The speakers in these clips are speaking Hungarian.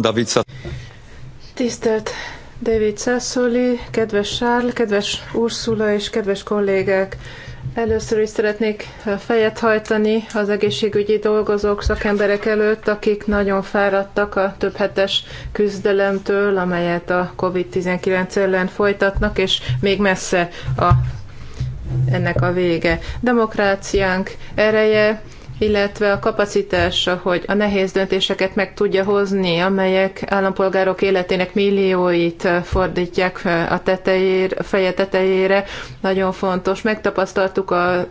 David Tisztelt David Sassoli, kedves Sárl, kedves Ursula és kedves kollégák! Először is szeretnék fejet hajtani az egészségügyi dolgozók, szakemberek előtt, akik nagyon fáradtak a több hetes küzdelemtől, amelyet a COVID-19 ellen folytatnak, és még messze a, ennek a vége. Demokráciánk ereje, illetve a kapacitása, hogy a nehéz döntéseket meg tudja hozni, amelyek állampolgárok életének millióit eh, fordítják eh, a, tetejér, feje tetejére, nagyon fontos. Megtapasztaltuk a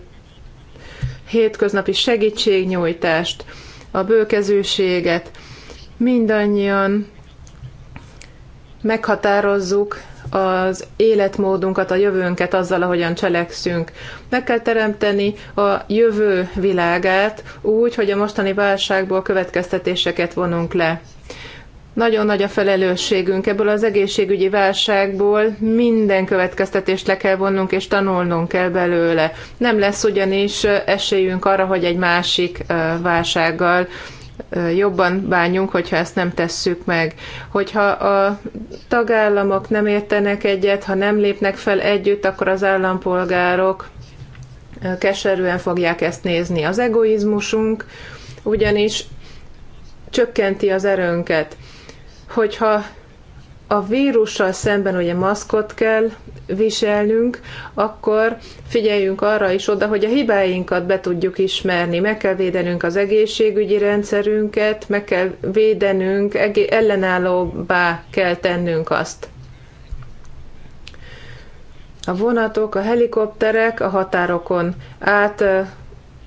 hétköznapi segítségnyújtást, a bőkezűséget, mindannyian meghatározzuk az életmódunkat, a jövőnket azzal, ahogyan cselekszünk. Meg kell teremteni a jövő világát úgy, hogy a mostani válságból következtetéseket vonunk le. Nagyon nagy a felelősségünk ebből az egészségügyi válságból, minden következtetést le kell vonnunk és tanulnunk kell belőle. Nem lesz ugyanis esélyünk arra, hogy egy másik válsággal jobban bánjunk, hogyha ezt nem tesszük meg. Hogyha a tagállamok nem értenek egyet, ha nem lépnek fel együtt, akkor az állampolgárok keserűen fogják ezt nézni. Az egoizmusunk ugyanis csökkenti az erőnket. Hogyha a vírussal szemben ugye maszkot kell viselnünk, akkor figyeljünk arra is oda, hogy a hibáinkat be tudjuk ismerni. Meg kell védenünk az egészségügyi rendszerünket, meg kell védenünk, ellenállóbbá kell tennünk azt. A vonatok, a helikopterek a határokon át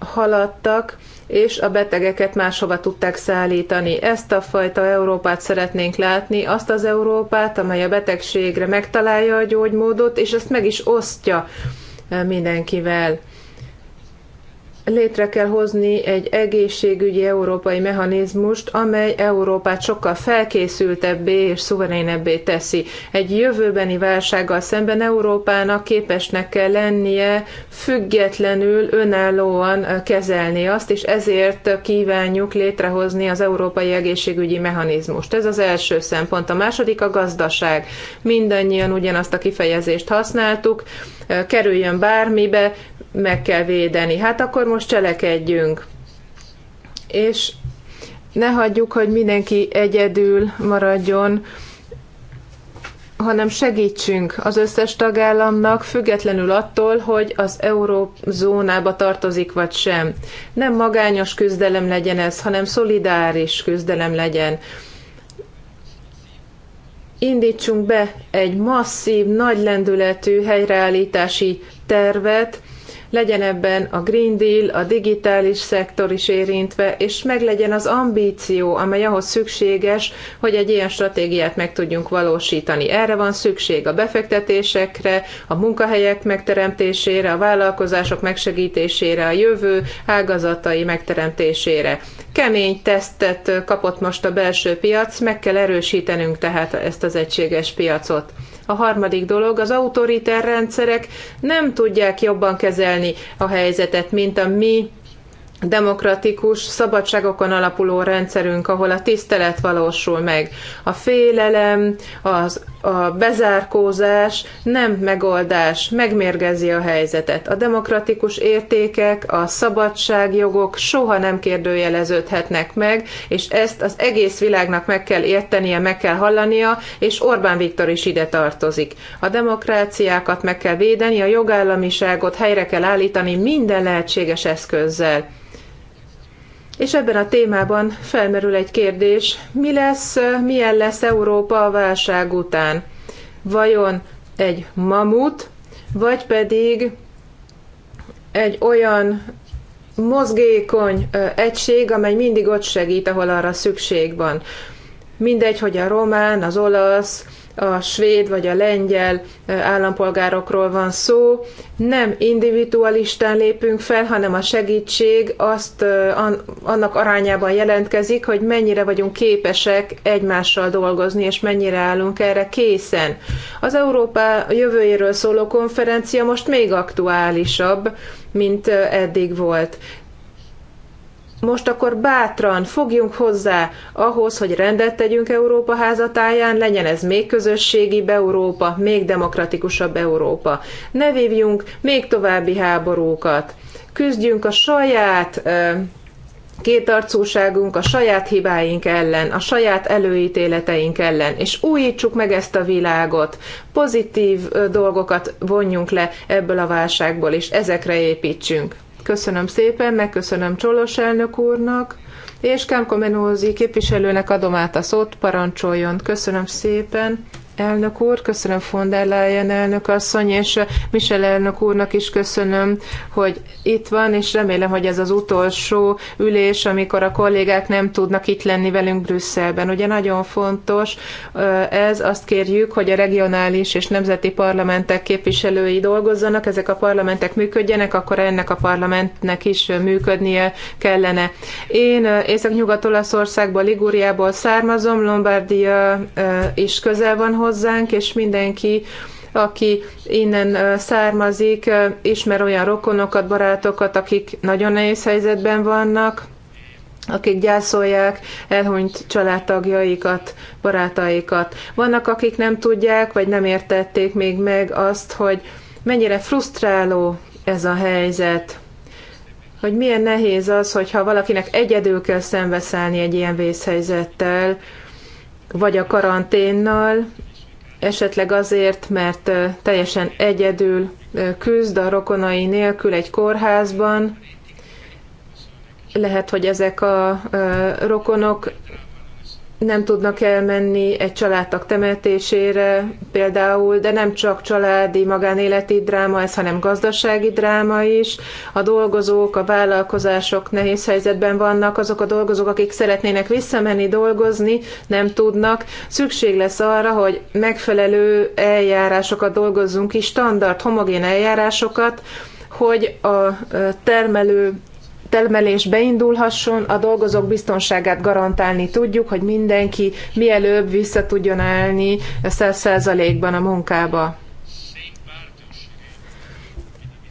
haladtak, és a betegeket máshova tudták szállítani. Ezt a fajta Európát szeretnénk látni, azt az Európát, amely a betegségre megtalálja a gyógymódot, és ezt meg is osztja eh, mindenkivel létre kell hozni egy egészségügyi európai mechanizmust, amely Európát sokkal felkészültebbé és szuverénebbé teszi. Egy jövőbeni válsággal szemben Európának képesnek kell lennie függetlenül, önállóan kezelni azt, és ezért kívánjuk létrehozni az európai egészségügyi mechanizmust. Ez az első szempont. A második a gazdaság. Mindannyian ugyanazt a kifejezést használtuk, kerüljön bármibe, meg kell védeni. Hát akkor most cselekedjünk. És ne hagyjuk, hogy mindenki egyedül maradjon, hanem segítsünk az összes tagállamnak, függetlenül attól, hogy az eurózónába tartozik vagy sem. Nem magányos küzdelem legyen ez, hanem szolidáris küzdelem legyen indítsunk be egy masszív, nagy lendületű helyreállítási tervet, legyen ebben a Green Deal, a digitális szektor is érintve, és meglegyen az ambíció, amely ahhoz szükséges, hogy egy ilyen stratégiát meg tudjunk valósítani. Erre van szükség a befektetésekre, a munkahelyek megteremtésére, a vállalkozások megsegítésére, a jövő ágazatai megteremtésére. Kemény tesztet kapott most a belső piac, meg kell erősítenünk tehát ezt az egységes piacot. A harmadik dolog, az autoriter rendszerek nem tudják jobban kezelni a helyzetet, mint a mi demokratikus, szabadságokon alapuló rendszerünk, ahol a tisztelet valósul meg. A félelem, az, a bezárkózás nem megoldás, megmérgezi a helyzetet. A demokratikus értékek, a szabadságjogok soha nem kérdőjeleződhetnek meg, és ezt az egész világnak meg kell értenie, meg kell hallania, és Orbán Viktor is ide tartozik. A demokráciákat meg kell védeni, a jogállamiságot helyre kell állítani minden lehetséges eszközzel. És ebben a témában felmerül egy kérdés, mi lesz, milyen lesz Európa a válság után? Vajon egy mamut, vagy pedig egy olyan mozgékony egység, amely mindig ott segít, ahol arra szükség van. Mindegy, hogy a román, az olasz, a svéd vagy a lengyel állampolgárokról van szó. Nem individualistán lépünk fel, hanem a segítség azt annak arányában jelentkezik, hogy mennyire vagyunk képesek egymással dolgozni, és mennyire állunk erre készen. Az Európa jövőjéről szóló konferencia most még aktuálisabb, mint eddig volt. Most akkor bátran fogjunk hozzá ahhoz, hogy rendet tegyünk Európa házatáján, legyen ez még közösségibb Európa, még demokratikusabb Európa. Ne vívjunk még további háborúkat. Küzdjünk a saját kétarcúságunk a saját hibáink ellen, a saját előítéleteink ellen, és újítsuk meg ezt a világot, pozitív dolgokat vonjunk le ebből a válságból, és ezekre építsünk. Köszönöm szépen, megköszönöm Csolos elnök úrnak, és Kánkomenózi képviselőnek adom át a szót, parancsoljon. Köszönöm szépen elnök úr, köszönöm von der Leyen elnök asszony, és eh, Michel elnök úrnak is köszönöm, hogy itt van, és remélem, hogy ez az utolsó ülés, amikor a kollégák nem tudnak itt lenni velünk Brüsszelben. Ugye nagyon fontos eh, ez, azt kérjük, hogy a regionális és nemzeti parlamentek képviselői dolgozzanak, ezek a parlamentek működjenek, akkor ennek a parlamentnek is működnie kellene. Én eh, Észak-Nyugat-Olaszországból, Liguriából származom, Lombardia is közel van hozzánk, és mindenki aki innen származik, ismer olyan rokonokat, barátokat, akik nagyon nehéz helyzetben vannak, akik gyászolják elhunyt családtagjaikat, barátaikat. Vannak, akik nem tudják, vagy nem értették még meg azt, hogy mennyire frusztráló ez a helyzet, hogy milyen nehéz az, hogyha valakinek egyedül kell szembeszállni egy ilyen vészhelyzettel, vagy a karanténnal, esetleg azért, mert teljesen egyedül küzd a rokonai nélkül egy kórházban. Lehet, hogy ezek a rokonok nem tudnak elmenni egy családtag temetésére például, de nem csak családi magánéleti dráma ez, hanem gazdasági dráma is. A dolgozók, a vállalkozások nehéz helyzetben vannak, azok a dolgozók, akik szeretnének visszamenni dolgozni, nem tudnak. Szükség lesz arra, hogy megfelelő eljárásokat dolgozzunk ki, standard, homogén eljárásokat, hogy a termelő termelés beindulhasson, a dolgozók biztonságát garantálni tudjuk, hogy mindenki mielőbb vissza tudjon állni 100%-ban a munkába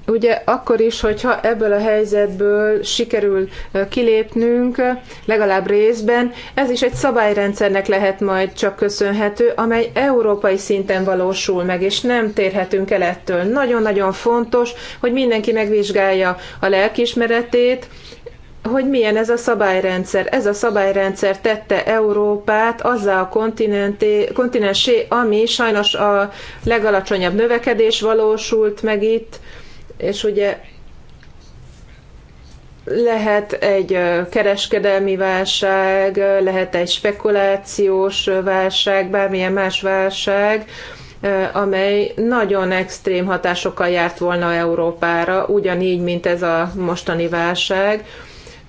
ugye akkor is, hogyha ebből a helyzetből sikerül kilépnünk, legalább részben, ez is egy szabályrendszernek lehet majd csak köszönhető, amely európai szinten valósul meg, és nem térhetünk el ettől. Nagyon-nagyon fontos, hogy mindenki megvizsgálja a lelkismeretét, hogy milyen ez a szabályrendszer. Ez a szabályrendszer tette Európát azzá a kontinensé, ami sajnos a legalacsonyabb növekedés valósult meg itt, és ugye lehet egy kereskedelmi válság, lehet egy spekulációs válság, bármilyen más válság, amely nagyon extrém hatásokkal járt volna Európára, ugyanígy, mint ez a mostani válság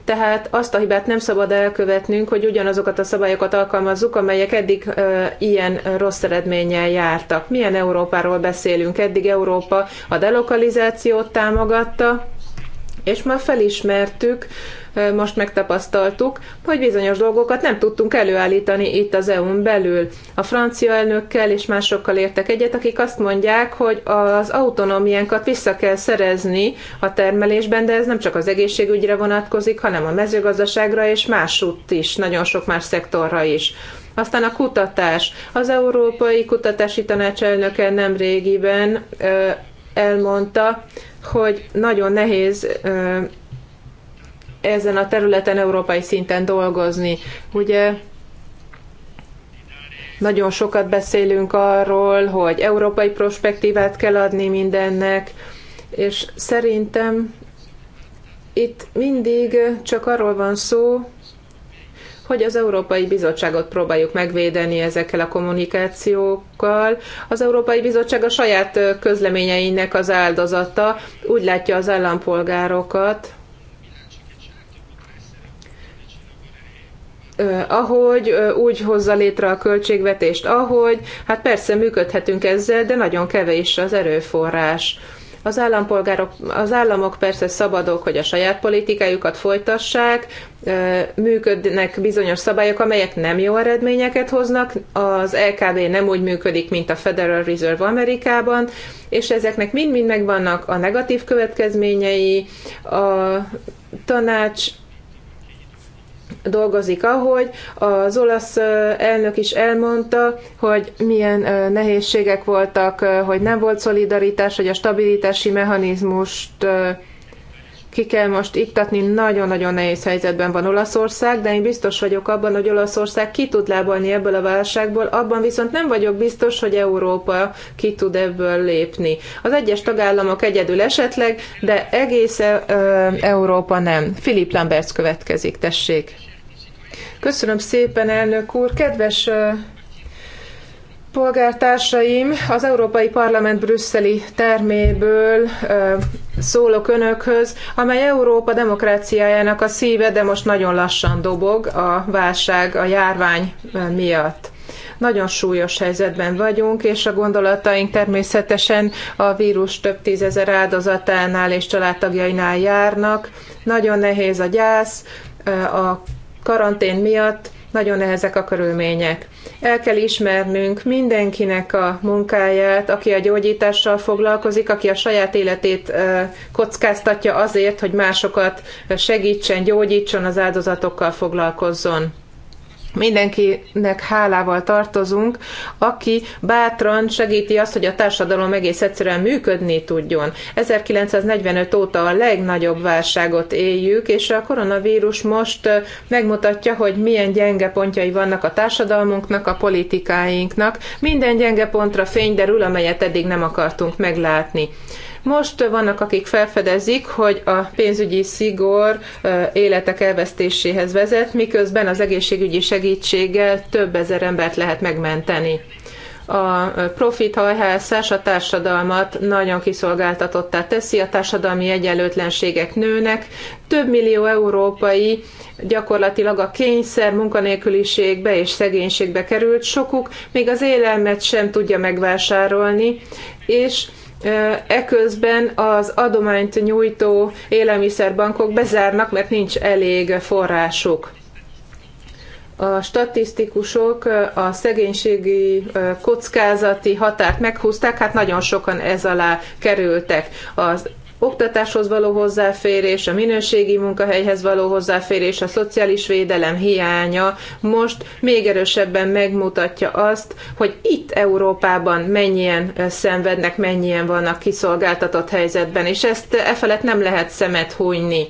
tehát azt a hibát nem szabad elkövetnünk, hogy ugyanazokat a szabályokat alkalmazzuk, amelyek eddig ö, ilyen rossz eredménnyel jártak. Milyen Európáról beszélünk? Eddig Európa a delokalizációt támogatta, és már felismertük, most megtapasztaltuk, hogy bizonyos dolgokat nem tudtunk előállítani itt az EU-n belül. A francia elnökkel és másokkal értek egyet, akik azt mondják, hogy az autonómiánkat vissza kell szerezni a termelésben, de ez nem csak az egészségügyre vonatkozik, hanem a mezőgazdaságra és másútt is, nagyon sok más szektorra is. Aztán a kutatás. Az Európai Kutatási Tanács elnöke nem régiben elmondta, hogy nagyon nehéz ezen a területen európai szinten dolgozni. Ugye nagyon sokat beszélünk arról, hogy európai prospektívát kell adni mindennek, és szerintem itt mindig csak arról van szó, hogy az Európai Bizottságot próbáljuk megvédeni ezekkel a kommunikációkkal. Az Európai Bizottság a saját közleményeinek az áldozata, úgy látja az állampolgárokat, ahogy, úgy hozza létre a költségvetést, ahogy, hát persze működhetünk ezzel, de nagyon kevés az erőforrás. Az, állampolgárok, az államok persze szabadok, hogy a saját politikájukat folytassák, működnek bizonyos szabályok, amelyek nem jó eredményeket hoznak, az LKB nem úgy működik, mint a Federal Reserve Amerikában, és ezeknek mind-mind megvannak a negatív következményei, a tanács dolgozik, ahogy az olasz elnök is elmondta, hogy milyen nehézségek voltak, hogy nem volt szolidaritás, hogy a stabilitási mechanizmust ki kell most iktatni, nagyon-nagyon nehéz helyzetben van Olaszország, de én biztos vagyok abban, hogy Olaszország ki tud lábalni ebből a válságból, abban viszont nem vagyok biztos, hogy Európa ki tud ebből lépni. Az egyes tagállamok egyedül esetleg, de egész Európa nem. Filip Lamberts következik, tessék. Köszönöm szépen, elnök úr. Kedves Polgártársaim, az Európai Parlament brüsszeli terméből ö, szólok önökhöz, amely Európa demokráciájának a szíve, de most nagyon lassan dobog a válság, a járvány miatt nagyon súlyos helyzetben vagyunk, és a gondolataink természetesen a vírus több tízezer áldozatánál és családtagjainál járnak. Nagyon nehéz a gyász, a karantén miatt nagyon nehezek a körülmények. El kell ismernünk mindenkinek a munkáját, aki a gyógyítással foglalkozik, aki a saját életét kockáztatja azért, hogy másokat segítsen, gyógyítson, az áldozatokkal foglalkozzon mindenkinek hálával tartozunk, aki bátran segíti azt, hogy a társadalom egész egyszerűen működni tudjon. 1945 óta a legnagyobb válságot éljük, és a koronavírus most megmutatja, hogy milyen gyenge pontjai vannak a társadalmunknak, a politikáinknak. Minden gyenge pontra fény derül, amelyet eddig nem akartunk meglátni. Most vannak, akik felfedezik, hogy a pénzügyi szigor életek elvesztéséhez vezet, miközben az egészségügyi segítséggel több ezer embert lehet megmenteni a profit hajhászás a társadalmat nagyon kiszolgáltatottá teszi, a társadalmi egyenlőtlenségek nőnek. Több millió európai gyakorlatilag a kényszer, munkanélküliségbe és szegénységbe került, sokuk még az élelmet sem tudja megvásárolni, és Eközben az adományt nyújtó élelmiszerbankok bezárnak, mert nincs elég forrásuk. A statisztikusok a szegénységi kockázati határt meghúzták, hát nagyon sokan ez alá kerültek. Az oktatáshoz való hozzáférés, a minőségi munkahelyhez való hozzáférés, a szociális védelem hiánya most még erősebben megmutatja azt, hogy itt Európában mennyien eh, szenvednek, mennyien vannak kiszolgáltatott helyzetben, és ezt eh, e felett nem lehet szemet hunyni.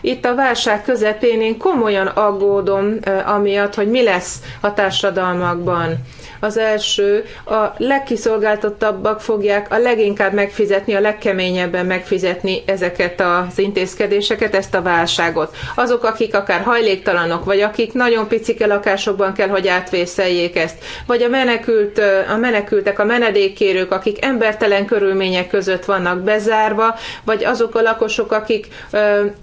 Itt a válság közepén én komolyan aggódom eh, amiatt, hogy mi lesz a társadalmakban az első, a legkiszolgáltatottabbak fogják a leginkább megfizetni, a legkeményebben megfizetni ezeket az intézkedéseket, ezt a válságot. Azok, akik akár hajléktalanok, vagy akik nagyon picike lakásokban kell, hogy átvészeljék ezt, vagy a, menekült, a menekültek, a menedékkérők, akik embertelen körülmények között vannak bezárva, vagy azok a lakosok, akik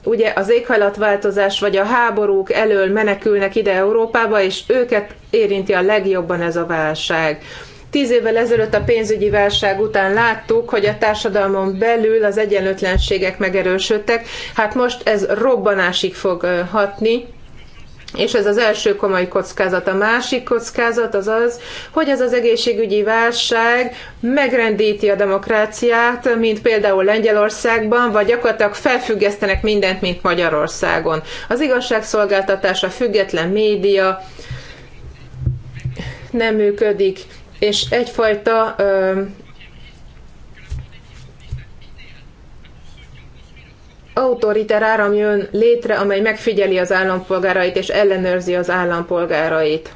ugye az éghajlatváltozás vagy a háborúk elől menekülnek ide Európába, és őket érinti a legjobban ez a válság. Tíz évvel ezelőtt a pénzügyi válság után láttuk, hogy a társadalmon belül az egyenlőtlenségek megerősödtek, hát most ez robbanásig fog hatni, és ez az első komoly kockázat. A másik kockázat az az, hogy ez az egészségügyi válság megrendíti a demokráciát, mint például Lengyelországban, vagy gyakorlatilag felfüggesztenek mindent, mint Magyarországon. Az igazságszolgáltatás, a független média, nem működik, és egyfajta autoriter áram jön létre, amely megfigyeli az állampolgárait és ellenőrzi az állampolgárait.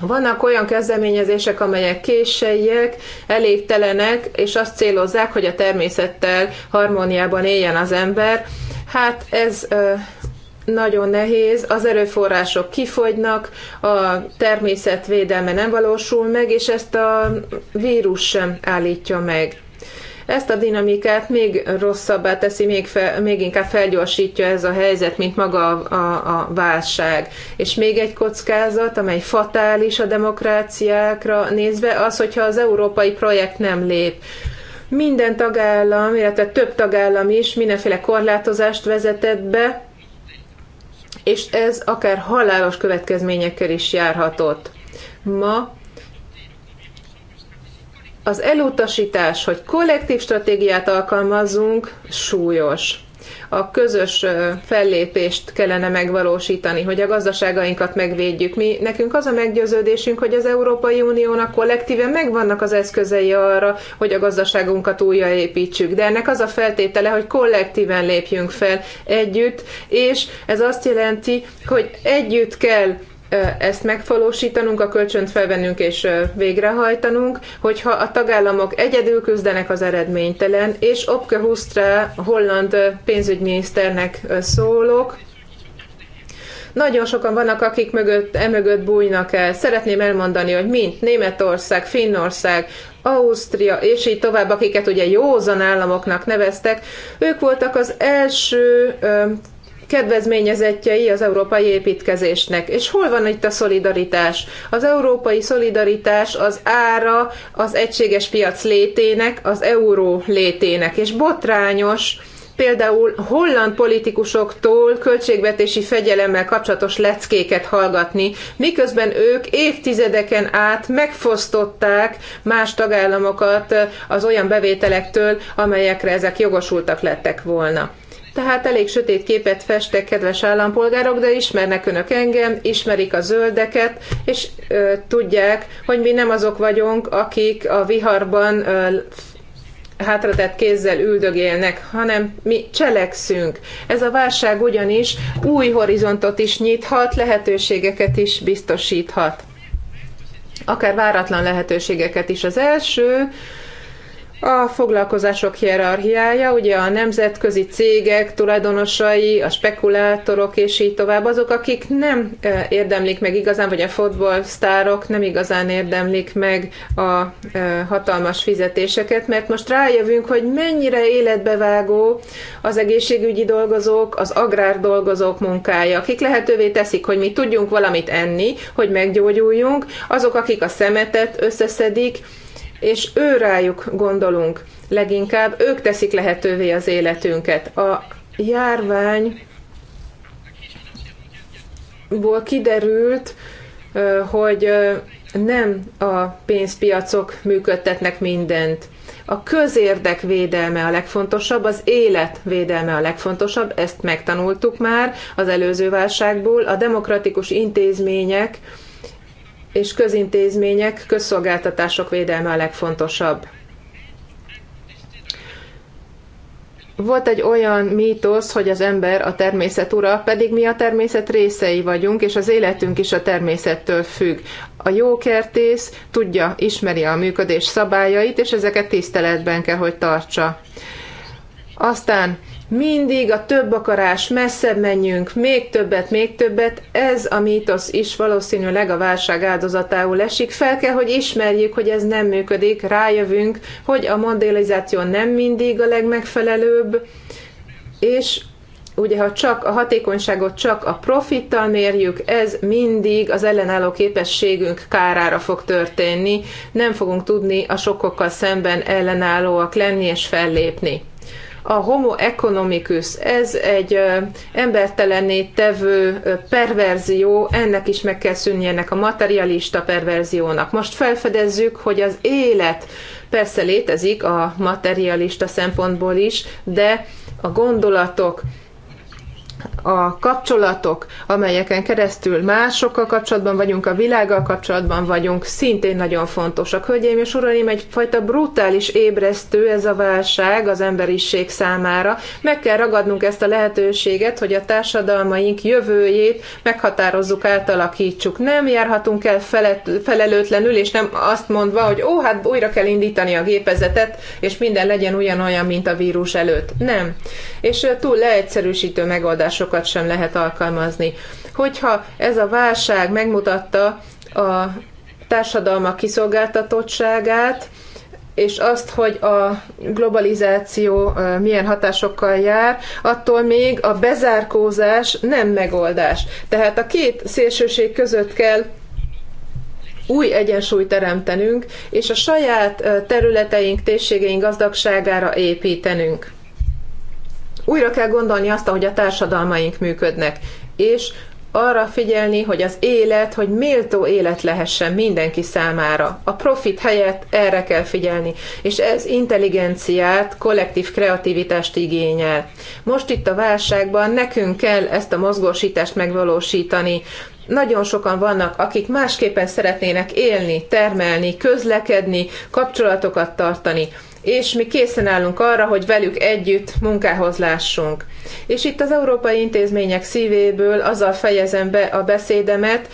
Vannak olyan kezdeményezések, amelyek késseiek, elégtelenek, és azt célozzák, hogy a természettel harmóniában éljen az ember. Hát ez nagyon nehéz, az erőforrások kifogynak, a természetvédelme nem valósul meg, és ezt a vírus sem állítja meg. Ezt a dinamikát még rosszabbá teszi, még, fe, még inkább felgyorsítja ez a helyzet, mint maga a, a, a válság. És még egy kockázat, amely fatális a demokráciákra nézve, az, hogyha az európai projekt nem lép minden tagállam, illetve több tagállam is mindenféle korlátozást vezetett be, és ez akár halálos következményekkel is járhatott. Ma az elutasítás, hogy kollektív stratégiát alkalmazzunk, súlyos a közös fellépést kellene megvalósítani, hogy a gazdaságainkat megvédjük. Mi, nekünk az a meggyőződésünk, hogy az Európai Uniónak kollektíven megvannak az eszközei arra, hogy a gazdaságunkat újraépítsük. De ennek az a feltétele, hogy kollektíven lépjünk fel együtt, és ez azt jelenti, hogy együtt kell ezt megvalósítanunk, a kölcsönt felvennünk és végrehajtanunk, hogyha a tagállamok egyedül küzdenek az eredménytelen, és Opke Hustra, holland pénzügyminiszternek szólok, nagyon sokan vannak, akik mögött, emögött bújnak el. Szeretném elmondani, hogy mint Németország, Finnország, Ausztria, és így tovább, akiket ugye józan államoknak neveztek, ők voltak az első kedvezményezettjei az európai építkezésnek. És hol van itt a szolidaritás? Az európai szolidaritás az ára az egységes piac létének, az euró létének, és botrányos, például holland politikusoktól költségvetési fegyelemmel kapcsolatos leckéket hallgatni, miközben ők évtizedeken át megfosztották más tagállamokat az olyan bevételektől, amelyekre ezek jogosultak lettek volna. Tehát elég sötét képet festek, kedves állampolgárok, de ismernek önök engem, ismerik a zöldeket, és ö, tudják, hogy mi nem azok vagyunk, akik a viharban ö, hátratett kézzel üldögélnek, hanem mi cselekszünk. Ez a válság ugyanis új horizontot is nyithat, lehetőségeket is biztosíthat. Akár váratlan lehetőségeket is. Az első, a foglalkozások hierarchiája, ugye a nemzetközi cégek tulajdonosai, a spekulátorok és így tovább, azok, akik nem eh, érdemlik meg igazán, vagy a futballsztárok nem igazán érdemlik meg a eh, hatalmas fizetéseket, mert most rájövünk, hogy mennyire életbevágó az egészségügyi dolgozók, az agrár dolgozók munkája, akik lehetővé teszik, hogy mi tudjunk valamit enni, hogy meggyógyuljunk, azok, akik a szemetet összeszedik, és ő rájuk gondolunk leginkább, ők teszik lehetővé az életünket. A járvány ból kiderült, hogy nem a pénzpiacok működtetnek mindent. A közérdek védelme a legfontosabb, az élet védelme a legfontosabb, ezt megtanultuk már az előző válságból. A demokratikus intézmények és közintézmények, közszolgáltatások védelme a legfontosabb. Volt egy olyan mítosz, hogy az ember a természet ura, pedig mi a természet részei vagyunk, és az életünk is a természettől függ. A jó kertész tudja, ismeri a működés szabályait, és ezeket tiszteletben kell, hogy tartsa. Aztán mindig a több akarás, messzebb menjünk, még többet, még többet, ez a mítosz is valószínűleg a válság áldozatául esik. Fel kell, hogy ismerjük, hogy ez nem működik, rájövünk, hogy a modellizáció nem mindig a legmegfelelőbb, és ugye ha csak a hatékonyságot csak a profittal mérjük, ez mindig az ellenálló képességünk kárára fog történni, nem fogunk tudni a sokokkal szemben ellenállóak lenni és fellépni a homo economicus, ez egy embertelenné tevő perverzió, ennek is meg kell szűnnie ennek a materialista perverziónak. Most felfedezzük, hogy az élet persze létezik a materialista szempontból is, de a gondolatok, a kapcsolatok, amelyeken keresztül másokkal kapcsolatban vagyunk, a világgal kapcsolatban vagyunk, szintén nagyon fontosak. Hölgyeim és uraim, egyfajta brutális ébresztő ez a válság az emberiség számára. Meg kell ragadnunk ezt a lehetőséget, hogy a társadalmaink jövőjét meghatározzuk, átalakítsuk. Nem járhatunk el felett, felelőtlenül, és nem azt mondva, hogy ó, hát újra kell indítani a gépezetet, és minden legyen ugyanolyan, mint a vírus előtt. Nem. És túl leegyszerűsítő megoldás megoldásokat sem lehet alkalmazni. Hogyha ez a válság megmutatta a társadalmak kiszolgáltatottságát, és azt, hogy a globalizáció milyen hatásokkal jár, attól még a bezárkózás nem megoldás. Tehát a két szélsőség között kell új egyensúlyt teremtenünk, és a saját területeink, térségeink gazdagságára építenünk újra kell gondolni azt, ahogy a társadalmaink működnek, és arra figyelni, hogy az élet, hogy méltó élet lehessen mindenki számára. A profit helyett erre kell figyelni, és ez intelligenciát, kollektív kreativitást igényel. Most itt a válságban nekünk kell ezt a mozgósítást megvalósítani, nagyon sokan vannak, akik másképpen szeretnének élni, termelni, közlekedni, kapcsolatokat tartani és mi készen állunk arra, hogy velük együtt munkához lássunk. És itt az európai intézmények szívéből azzal fejezem be a beszédemet,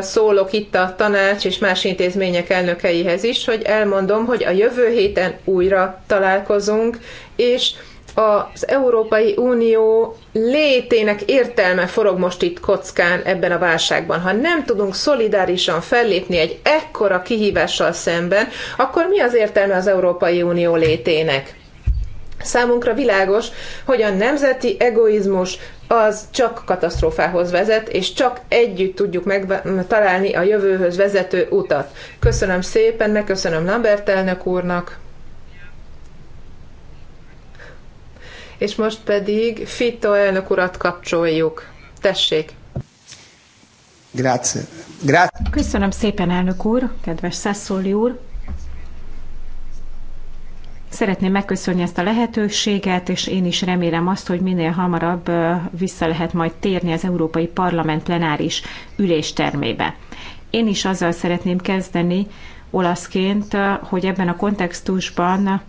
szólok itt a tanács és más intézmények elnökeihez is, hogy elmondom, hogy a jövő héten újra találkozunk, és az Európai Unió létének értelme forog most itt kockán ebben a válságban. Ha nem tudunk szolidárisan fellépni egy ekkora kihívással szemben, akkor mi az értelme az Európai Unió létének? Számunkra világos, hogy a nemzeti egoizmus az csak katasztrófához vezet, és csak együtt tudjuk megtalálni a jövőhöz vezető utat. Köszönöm szépen, megköszönöm Lambert elnök úrnak. és most pedig Fito elnök urat kapcsoljuk. Tessék! Grazie. Grazie. Köszönöm szépen, elnök úr, kedves Szeszóli úr. Szeretném megköszönni ezt a lehetőséget, és én is remélem azt, hogy minél hamarabb vissza lehet majd térni az Európai Parlament plenáris üléstermébe. Én is azzal szeretném kezdeni olaszként, hogy ebben a kontextusban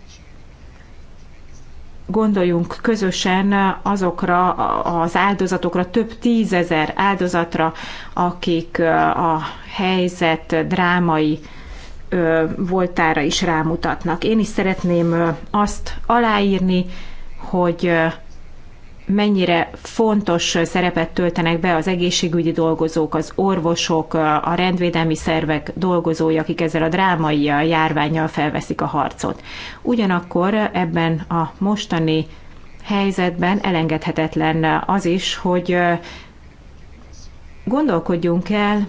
gondoljunk közösen azokra az áldozatokra, több tízezer áldozatra, akik a helyzet drámai voltára is rámutatnak. Én is szeretném azt aláírni, hogy mennyire fontos szerepet töltenek be az egészségügyi dolgozók, az orvosok, a rendvédelmi szervek dolgozói, akik ezzel a drámai járványjal felveszik a harcot. Ugyanakkor ebben a mostani helyzetben elengedhetetlen az is, hogy gondolkodjunk el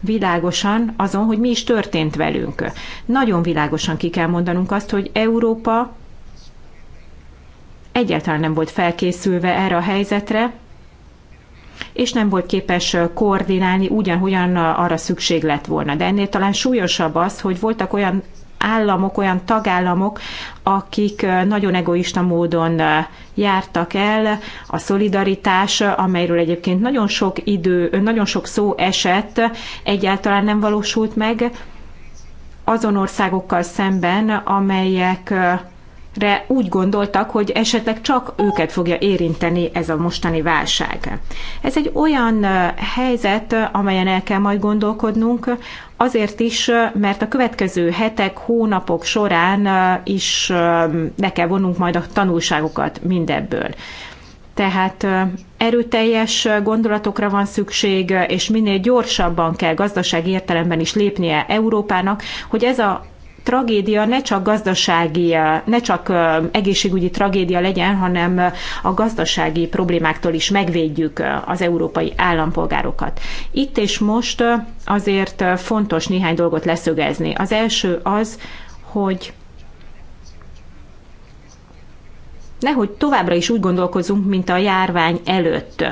világosan azon, hogy mi is történt velünk. Nagyon világosan ki kell mondanunk azt, hogy Európa egyáltalán nem volt felkészülve erre a helyzetre, és nem volt képes koordinálni ugyanhogyan arra szükség lett volna. De ennél talán súlyosabb az, hogy voltak olyan államok, olyan tagállamok, akik nagyon egoista módon jártak el, a szolidaritás, amelyről egyébként nagyon sok idő, nagyon sok szó esett, egyáltalán nem valósult meg azon országokkal szemben, amelyek re úgy gondoltak, hogy esetleg csak őket fogja érinteni ez a mostani válság. Ez egy olyan helyzet, amelyen el kell majd gondolkodnunk, azért is, mert a következő hetek, hónapok során is le kell vonnunk majd a tanulságokat mindebből. Tehát erőteljes gondolatokra van szükség, és minél gyorsabban kell gazdasági értelemben is lépnie Európának, hogy ez a tragédia ne csak gazdasági, ne csak egészségügyi tragédia legyen, hanem a gazdasági problémáktól is megvédjük az európai állampolgárokat. Itt és most azért fontos néhány dolgot leszögezni. Az első az, hogy nehogy továbbra is úgy gondolkozunk, mint a járvány előtt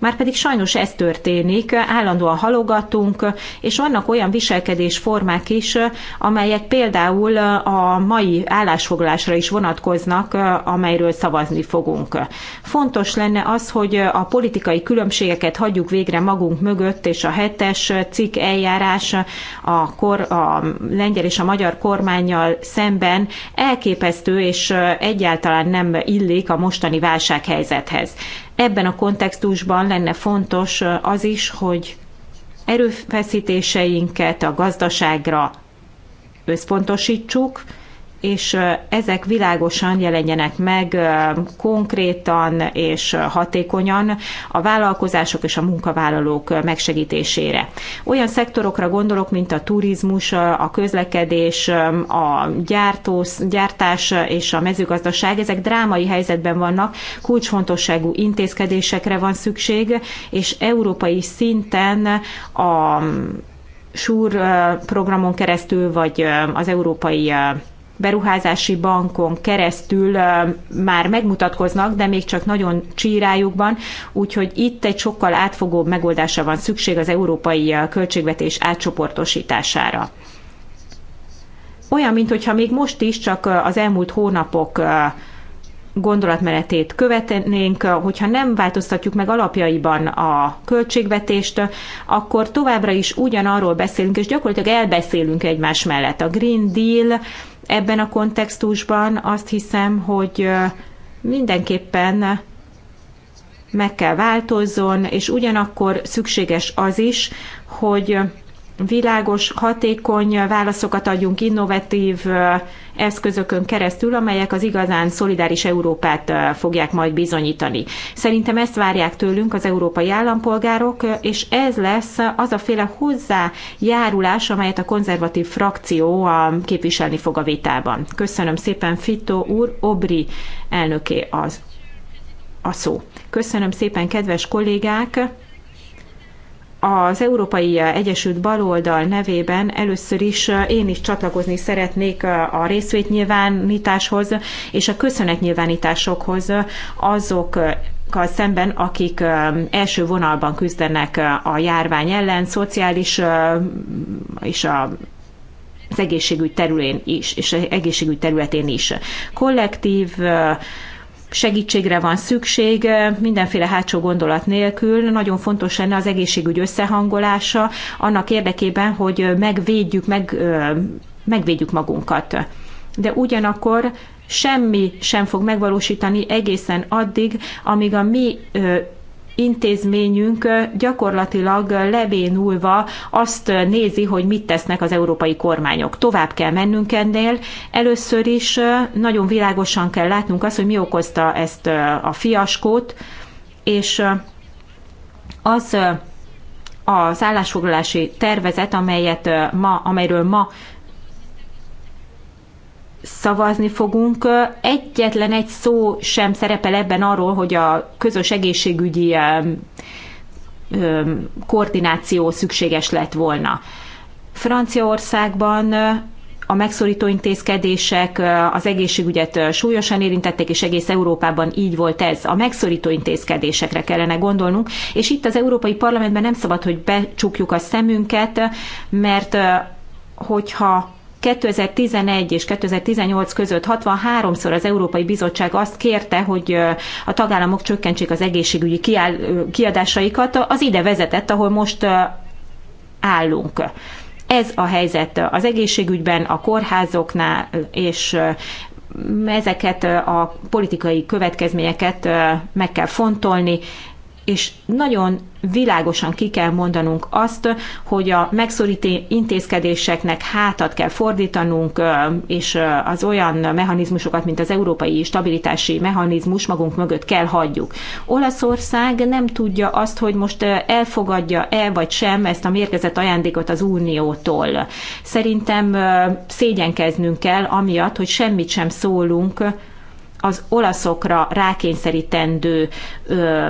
Márpedig sajnos ez történik, állandóan halogatunk, és vannak olyan viselkedés formák is, amelyek például a mai állásfoglalásra is vonatkoznak, amelyről szavazni fogunk. Fontos lenne az, hogy a politikai különbségeket hagyjuk végre magunk mögött, és a hetes cikk eljárás a, kor, a lengyel és a magyar kormányjal szemben elképesztő és egyáltalán nem illik a mostani válsághelyzethez. Ebben a kontextusban lenne fontos az is, hogy erőfeszítéseinket a gazdaságra összpontosítsuk, és ezek világosan jelenjenek meg konkrétan és hatékonyan a vállalkozások és a munkavállalók megsegítésére. Olyan szektorokra gondolok, mint a turizmus, a közlekedés, a gyártós, gyártás és a mezőgazdaság, ezek drámai helyzetben vannak, kulcsfontosságú intézkedésekre van szükség, és európai szinten a SUR programon keresztül, vagy az európai beruházási bankon keresztül már megmutatkoznak, de még csak nagyon csírájukban, úgyhogy itt egy sokkal átfogóbb megoldásra van szükség az európai költségvetés átcsoportosítására. Olyan, mintha még most is csak az elmúlt hónapok gondolatmenetét követnénk, hogyha nem változtatjuk meg alapjaiban a költségvetést, akkor továbbra is ugyanarról beszélünk, és gyakorlatilag elbeszélünk egymás mellett. A Green Deal ebben a kontextusban azt hiszem, hogy mindenképpen meg kell változzon, és ugyanakkor szükséges az is, hogy világos, hatékony válaszokat adjunk innovatív eszközökön keresztül, amelyek az igazán szolidáris Európát fogják majd bizonyítani. Szerintem ezt várják tőlünk az európai állampolgárok, és ez lesz az a féle hozzájárulás, amelyet a konzervatív frakció képviselni fog a vitában. Köszönöm szépen Fito úr, Obri elnöké az a szó. Köszönöm szépen, kedves kollégák! az Európai Egyesült Baloldal nevében először is én is csatlakozni szeretnék a részvétnyilvánításhoz és a köszönetnyilvánításokhoz azok szemben, akik első vonalban küzdenek a járvány ellen, szociális és a az egészségügy területén is, és egészségügy területén is. Kollektív segítségre van szükség, mindenféle hátsó gondolat nélkül. Nagyon fontos lenne az egészségügy összehangolása annak érdekében, hogy megvédjük, meg, megvédjük magunkat. De ugyanakkor semmi sem fog megvalósítani egészen addig, amíg a mi intézményünk gyakorlatilag lebénulva azt nézi, hogy mit tesznek az európai kormányok. Tovább kell mennünk ennél. Először is nagyon világosan kell látnunk azt, hogy mi okozta ezt a fiaskót, és az az állásfoglalási tervezet, amelyet ma, amelyről ma szavazni fogunk. Egyetlen egy szó sem szerepel ebben arról, hogy a közös egészségügyi koordináció szükséges lett volna. Franciaországban a megszorító intézkedések az egészségügyet súlyosan érintették, és egész Európában így volt ez. A megszorító intézkedésekre kellene gondolnunk, és itt az Európai Parlamentben nem szabad, hogy becsukjuk a szemünket, mert hogyha 2011 és 2018 között 63-szor az Európai Bizottság azt kérte, hogy a tagállamok csökkentsék az egészségügyi kiadásaikat, az ide vezetett, ahol most állunk. Ez a helyzet az egészségügyben, a kórházoknál, és ezeket a politikai következményeket meg kell fontolni, és nagyon világosan ki kell mondanunk azt, hogy a megszorító intézkedéseknek hátat kell fordítanunk, és az olyan mechanizmusokat, mint az európai stabilitási mechanizmus magunk mögött kell hagyjuk. Olaszország nem tudja azt, hogy most elfogadja-e vagy sem ezt a mérgezett ajándékot az Uniótól. Szerintem szégyenkeznünk kell amiatt, hogy semmit sem szólunk az olaszokra rákényszerítendő ö,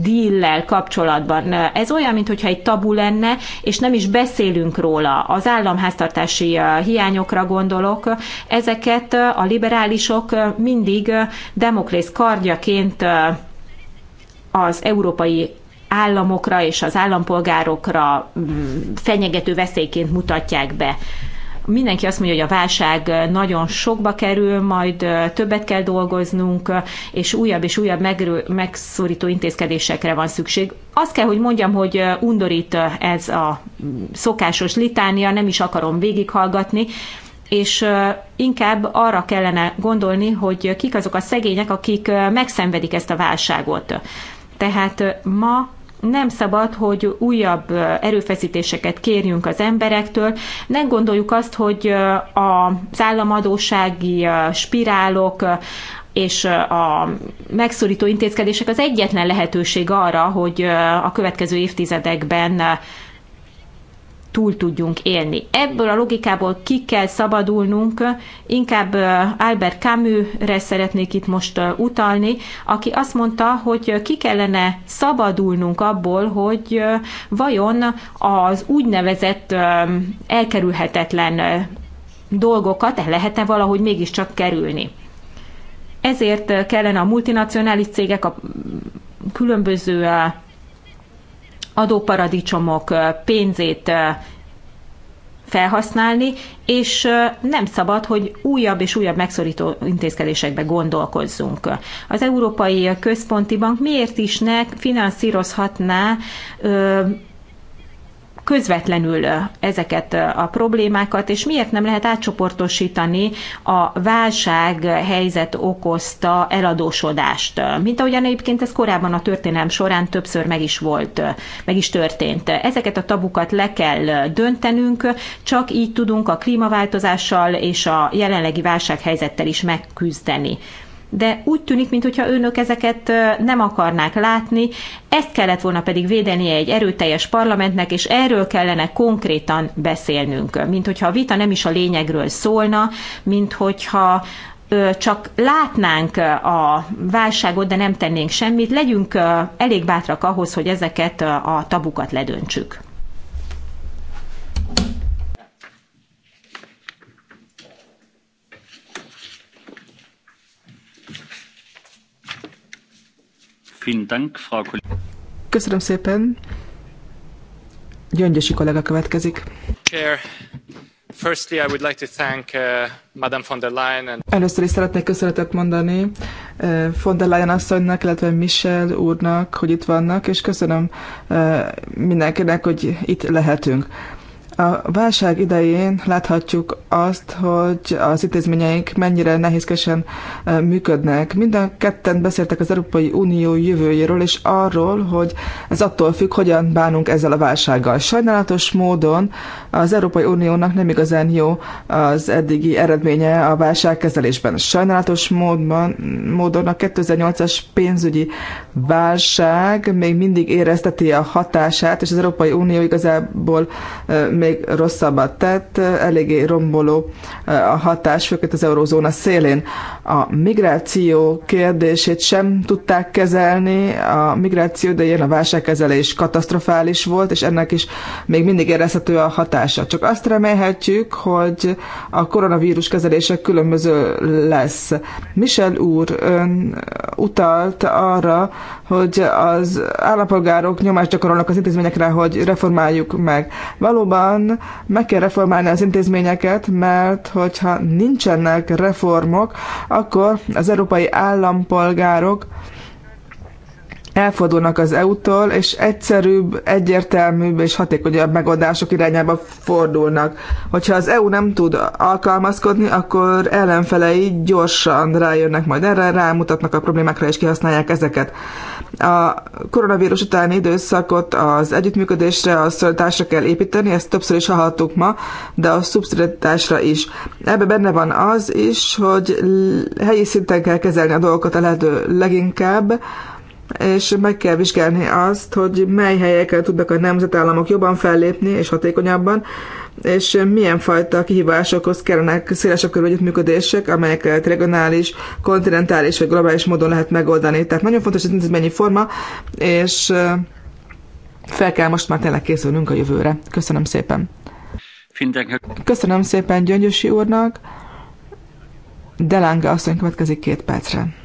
dillel kapcsolatban. Ez olyan, mintha egy tabu lenne, és nem is beszélünk róla. Az államháztartási hiányokra gondolok. Ezeket a liberálisok mindig demokrész kardjaként az európai államokra és az állampolgárokra mm, fenyegető veszélyként mutatják be mindenki azt mondja, hogy a válság nagyon sokba kerül, majd többet kell dolgoznunk, és újabb és újabb megszorító intézkedésekre van szükség. Azt kell, hogy mondjam, hogy undorít ez a szokásos litánia, nem is akarom végighallgatni, és inkább arra kellene gondolni, hogy kik azok a szegények, akik megszenvedik ezt a válságot. Tehát ma nem szabad, hogy újabb erőfeszítéseket kérjünk az emberektől. Ne gondoljuk azt, hogy az államadósági spirálok és a megszorító intézkedések az egyetlen lehetőség arra, hogy a következő évtizedekben túl tudjunk élni. Ebből a logikából ki kell szabadulnunk, inkább Albert Camus-re szeretnék itt most utalni, aki azt mondta, hogy ki kellene szabadulnunk abból, hogy vajon az úgynevezett elkerülhetetlen dolgokat el lehetne valahogy mégiscsak kerülni. Ezért kellene a multinacionális cégek, a különböző adóparadicsomok pénzét felhasználni, és nem szabad, hogy újabb és újabb megszorító intézkedésekbe gondolkozzunk. Az Európai Központi Bank miért is ne finanszírozhatná közvetlenül ezeket a problémákat, és miért nem lehet átcsoportosítani a válság helyzet okozta eladósodást, mint ahogyan egyébként ez korábban a történelm során többször meg is volt, meg is történt. Ezeket a tabukat le kell döntenünk, csak így tudunk a klímaváltozással és a jelenlegi válsághelyzettel is megküzdeni de úgy tűnik, mintha önök ezeket nem akarnák látni, ezt kellett volna pedig védenie egy erőteljes parlamentnek, és erről kellene konkrétan beszélnünk, mint hogyha a vita nem is a lényegről szólna, mint hogyha csak látnánk a válságot, de nem tennénk semmit, legyünk elég bátrak ahhoz, hogy ezeket a tabukat ledöntsük. Köszönöm szépen. Gyöngyösi kollega következik. Uh, Először is szeretnék köszönetet mondani uh, von der Leyen asszonynak, illetve Michel úrnak, hogy itt vannak, és köszönöm uh, mindenkinek, hogy itt lehetünk. A válság idején láthatjuk azt, hogy az intézményeink mennyire nehézkesen e, működnek. Minden ketten beszéltek az Európai Unió jövőjéről, és arról, hogy ez attól függ, hogyan bánunk ezzel a válsággal. Sajnálatos módon az Európai Uniónak nem igazán jó az eddigi eredménye a válságkezelésben. Sajnálatos módon, módon a 2008-as pénzügyi válság még mindig érezteti a hatását, és az Európai Unió igazából még e, még rosszabbat tett, eléggé romboló eh, a hatás, főként az eurózóna szélén. A migráció kérdését sem tudták kezelni, a migráció idején a válságkezelés katasztrofális volt, és ennek is még mindig érezhető a hatása. Csak azt remélhetjük, hogy a koronavírus kezelése különböző lesz. Michel úr ön utalt arra, hogy az állampolgárok nyomást gyakorolnak az intézményekre, hogy reformáljuk meg. Valóban valóban meg kell reformálni az intézményeket, mert hogyha nincsenek reformok, akkor az európai állampolgárok elfordulnak az EU-tól, és egyszerűbb, egyértelműbb és hatékonyabb megoldások irányába fordulnak. Hogyha az EU nem tud alkalmazkodni, akkor ellenfelei gyorsan rájönnek majd erre, rámutatnak a problémákra és kihasználják ezeket a koronavírus utáni időszakot az együttműködésre, a szolidásra kell építeni, ezt többször is hallhattuk ma, de a szubszidatásra is. Ebbe benne van az is, hogy helyi szinten kell kezelni a dolgokat a lehető leginkább, és meg kell vizsgálni azt, hogy mely helyeken tudnak a nemzetállamok jobban fellépni és hatékonyabban, és milyen fajta kihívásokhoz kellenek szélesebb körű együttműködések, amelyeket regionális, kontinentális vagy globális módon lehet megoldani. Tehát nagyon fontos, hogy ez mennyi forma, és fel kell most már tényleg készülnünk a jövőre. Köszönöm szépen. Köszönöm szépen Gyöngyösi úrnak. Delange asszony következik két percre.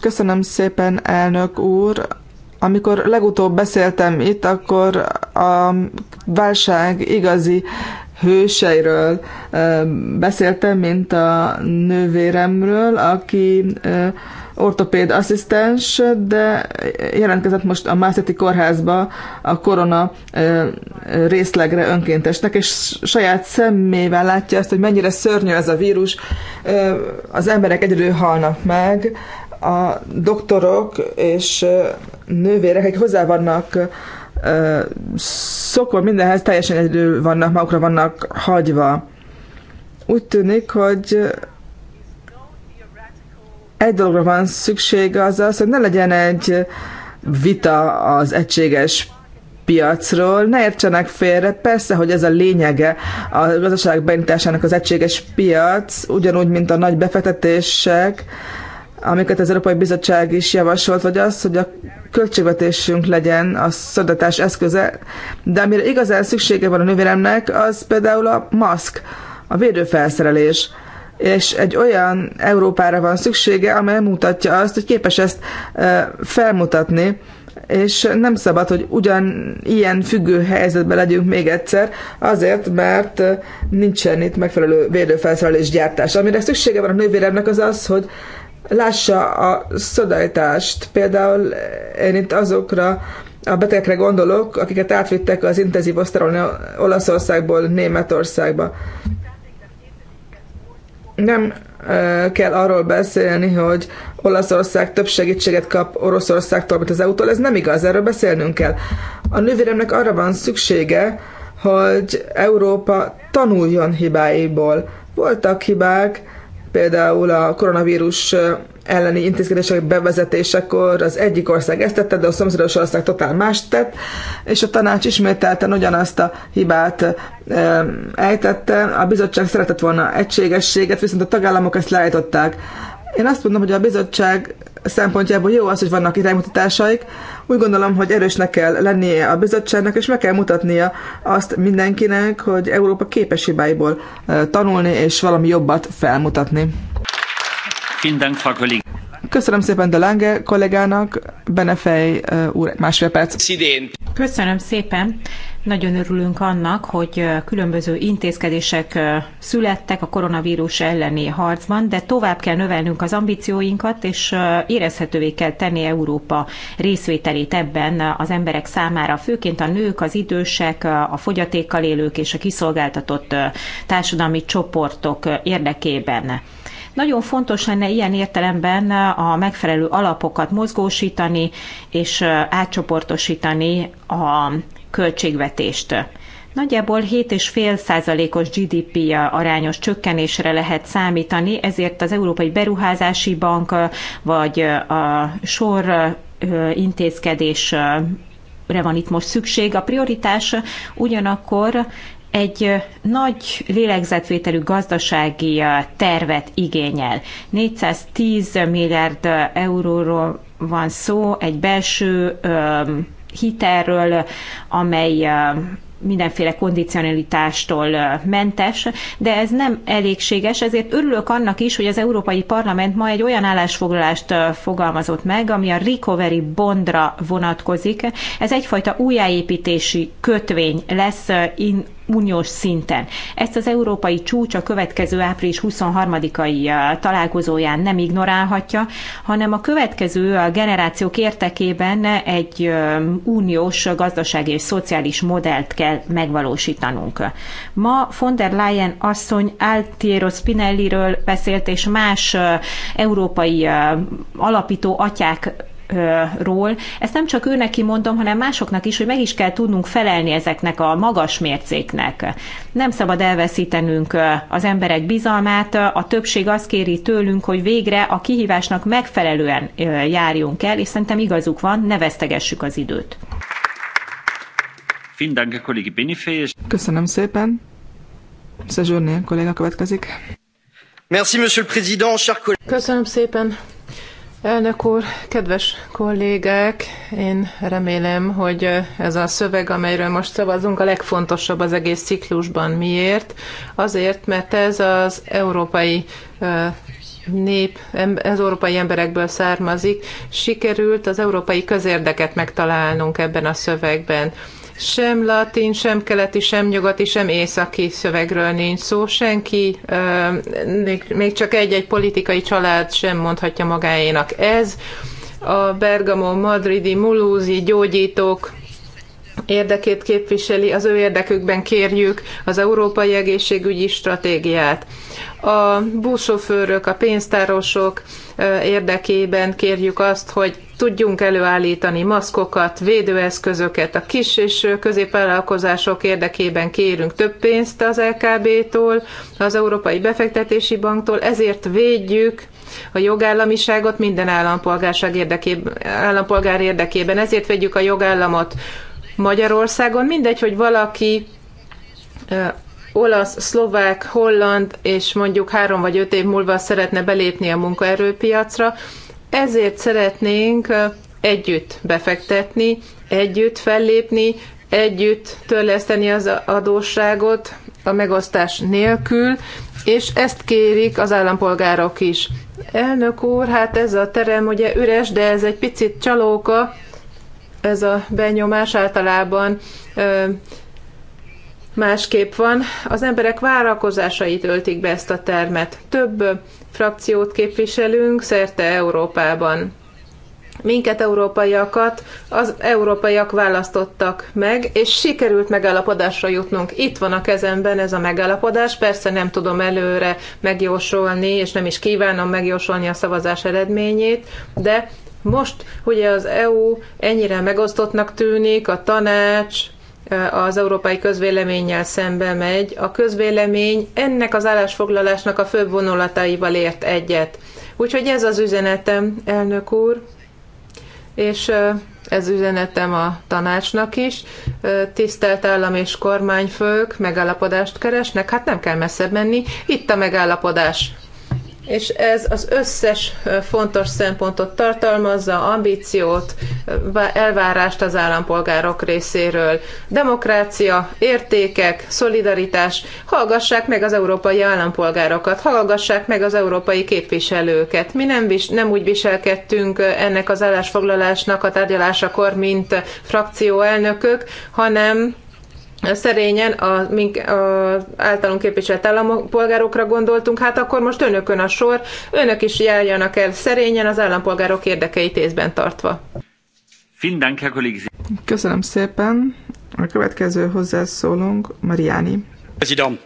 Köszönöm szépen, elnök úr. Amikor legutóbb beszéltem itt, akkor a válság igazi hőseiről beszéltem, mint a nővéremről, aki ortopéd asszisztens, de jelentkezett most a Mászeti Kórházba a korona részlegre önkéntesnek, és saját szemével látja azt, hogy mennyire szörnyű ez a vírus. Az emberek egyedül halnak meg, a doktorok és nővérek, akik hozzá vannak szokva mindenhez, teljesen egyedül vannak, magukra vannak hagyva. Úgy tűnik, hogy egy dologra van szükség, az az, hogy ne legyen egy vita az egységes piacról, ne értsenek félre, persze, hogy ez a lényege a gazdaság beintásának az egységes piac, ugyanúgy, mint a nagy befektetések, amiket az Európai Bizottság is javasolt, vagy az, hogy a költségvetésünk legyen a szadatás eszköze, de amire igazán szüksége van a nővéremnek, az például a maszk, a védőfelszerelés és egy olyan Európára van szüksége, amely mutatja azt, hogy képes ezt felmutatni, és nem szabad, hogy ugyan ilyen függő helyzetben legyünk még egyszer, azért, mert nincsen itt megfelelő védőfelszerelés gyártás. Amire szüksége van a nővéremnek az az, hogy lássa a szodajtást. Például én itt azokra a betegekre gondolok, akiket átvittek az intenzív osztályon Olaszországból Németországba. Nem kell arról beszélni, hogy Olaszország több segítséget kap Oroszországtól, mint az EU-tól. Ez nem igaz, erről beszélnünk kell. A nővéremnek arra van szüksége, hogy Európa tanuljon hibáiból. Voltak hibák, például a koronavírus elleni intézkedések bevezetésekor az egyik ország ezt tette, de a szomszédos ország totál mást tett, és a tanács ismételten ugyanazt a hibát ejtette. A bizottság szeretett volna egységességet, viszont a tagállamok ezt leállították. Én azt mondom, hogy a bizottság szempontjából jó az, hogy vannak iránymutatásaik. Úgy gondolom, hogy erősnek kell lennie a bizottságnak, és meg kell mutatnia azt mindenkinek, hogy Európa képes hibáiból tanulni, és valami jobbat felmutatni. Köszönöm szépen De Lange kollégának, Benefej úr, másfél perc. Köszönöm szépen. Nagyon örülünk annak, hogy különböző intézkedések születtek a koronavírus elleni harcban, de tovább kell növelnünk az ambícióinkat, és érezhetővé kell tenni Európa részvételét ebben az emberek számára, főként a nők, az idősek, a fogyatékkal élők és a kiszolgáltatott társadalmi csoportok érdekében. Nagyon fontos lenne ilyen értelemben a megfelelő alapokat mozgósítani és átcsoportosítani a költségvetést. Nagyjából 7,5%-os GDP ja arányos csökkenésre lehet számítani, ezért az Európai Beruházási Bank vagy a sor intézkedésre van itt most szükség. A prioritás ugyanakkor egy nagy lélegzetvételű gazdasági tervet igényel. 410 milliárd euróról van szó, egy belső hitelről, amely mindenféle kondicionalitástól mentes, de ez nem elégséges, ezért örülök annak is, hogy az Európai Parlament ma egy olyan állásfoglalást fogalmazott meg, ami a recovery bondra vonatkozik. Ez egyfajta újjáépítési kötvény lesz in uniós szinten. Ezt az európai csúcs a következő április 23-ai találkozóján nem ignorálhatja, hanem a következő generációk értekében egy uniós gazdasági és szociális modellt kell megvalósítanunk. Ma von der Leyen asszony Altiero Spinelliről beszélt, és más európai alapító atyák ról. Ezt nem csak őnek mondom, hanem másoknak is, hogy meg is kell tudnunk felelni ezeknek a magas mércéknek. Nem szabad elveszítenünk az emberek bizalmát. A többség azt kéri tőlünk, hogy végre a kihívásnak megfelelően járjunk el, és szerintem igazuk van, ne vesztegessük az időt. Köszönöm szépen. Szezsörnél kolléga következik. Merci, monsieur le président, chers collègues. Köszönöm szépen, Elnök úr, kedves kollégák, én remélem, hogy ez a szöveg, amelyről most szavazunk, a legfontosabb az egész ciklusban. Miért? Azért, mert ez az európai nép, az európai emberekből származik. Sikerült az európai közérdeket megtalálnunk ebben a szövegben sem latin, sem keleti, sem nyugati, sem északi szövegről nincs szó. Senki, még csak egy-egy politikai család sem mondhatja magáénak ez. A Bergamo, madridi, mulúzi gyógyítók érdekét képviseli, az ő érdekükben kérjük az európai egészségügyi stratégiát. A buszsofőrök, a pénztárosok, érdekében kérjük azt, hogy tudjunk előállítani maszkokat, védőeszközöket, a kis és középvállalkozások érdekében kérünk több pénzt az LKB-tól, az Európai Befektetési Banktól, ezért védjük a jogállamiságot minden állampolgárság érdekében, állampolgár érdekében, ezért védjük a jogállamot Magyarországon, mindegy, hogy valaki olasz, szlovák, holland, és mondjuk három vagy öt év múlva szeretne belépni a munkaerőpiacra. Ezért szeretnénk együtt befektetni, együtt fellépni, együtt törleszteni az adósságot a megosztás nélkül, és ezt kérik az állampolgárok is. Elnök úr, hát ez a terem ugye üres, de ez egy picit csalóka, ez a benyomás általában másképp van. Az emberek várakozásai töltik be ezt a termet. Több frakciót képviselünk szerte Európában. Minket európaiakat az európaiak választottak meg, és sikerült megállapodásra jutnunk. Itt van a kezemben ez a megállapodás, persze nem tudom előre megjósolni, és nem is kívánom megjósolni a szavazás eredményét, de most ugye az EU ennyire megosztottnak tűnik, a tanács, az európai közvéleménnyel szembe megy. A közvélemény ennek az állásfoglalásnak a főbb vonulataival ért egyet. Úgyhogy ez az üzenetem, elnök úr, és ez üzenetem a tanácsnak is. Tisztelt állam és kormányfők megállapodást keresnek, hát nem kell messzebb menni. Itt a megállapodás és ez az összes fontos szempontot tartalmazza, ambíciót, elvárást az állampolgárok részéről. Demokrácia, értékek, szolidaritás, hallgassák meg az európai állampolgárokat, hallgassák meg az európai képviselőket. Mi nem, vis, nem úgy viselkedtünk ennek az állásfoglalásnak a tárgyalásakor, mint frakcióelnökök, hanem szerényen a, mink, a általunk képviselt állampolgárokra gondoltunk, hát akkor most önökön a sor, önök is járjanak el szerényen az állampolgárok érdekeit észben tartva. Köszönöm szépen. A következő hozzászólunk, Mariani. President.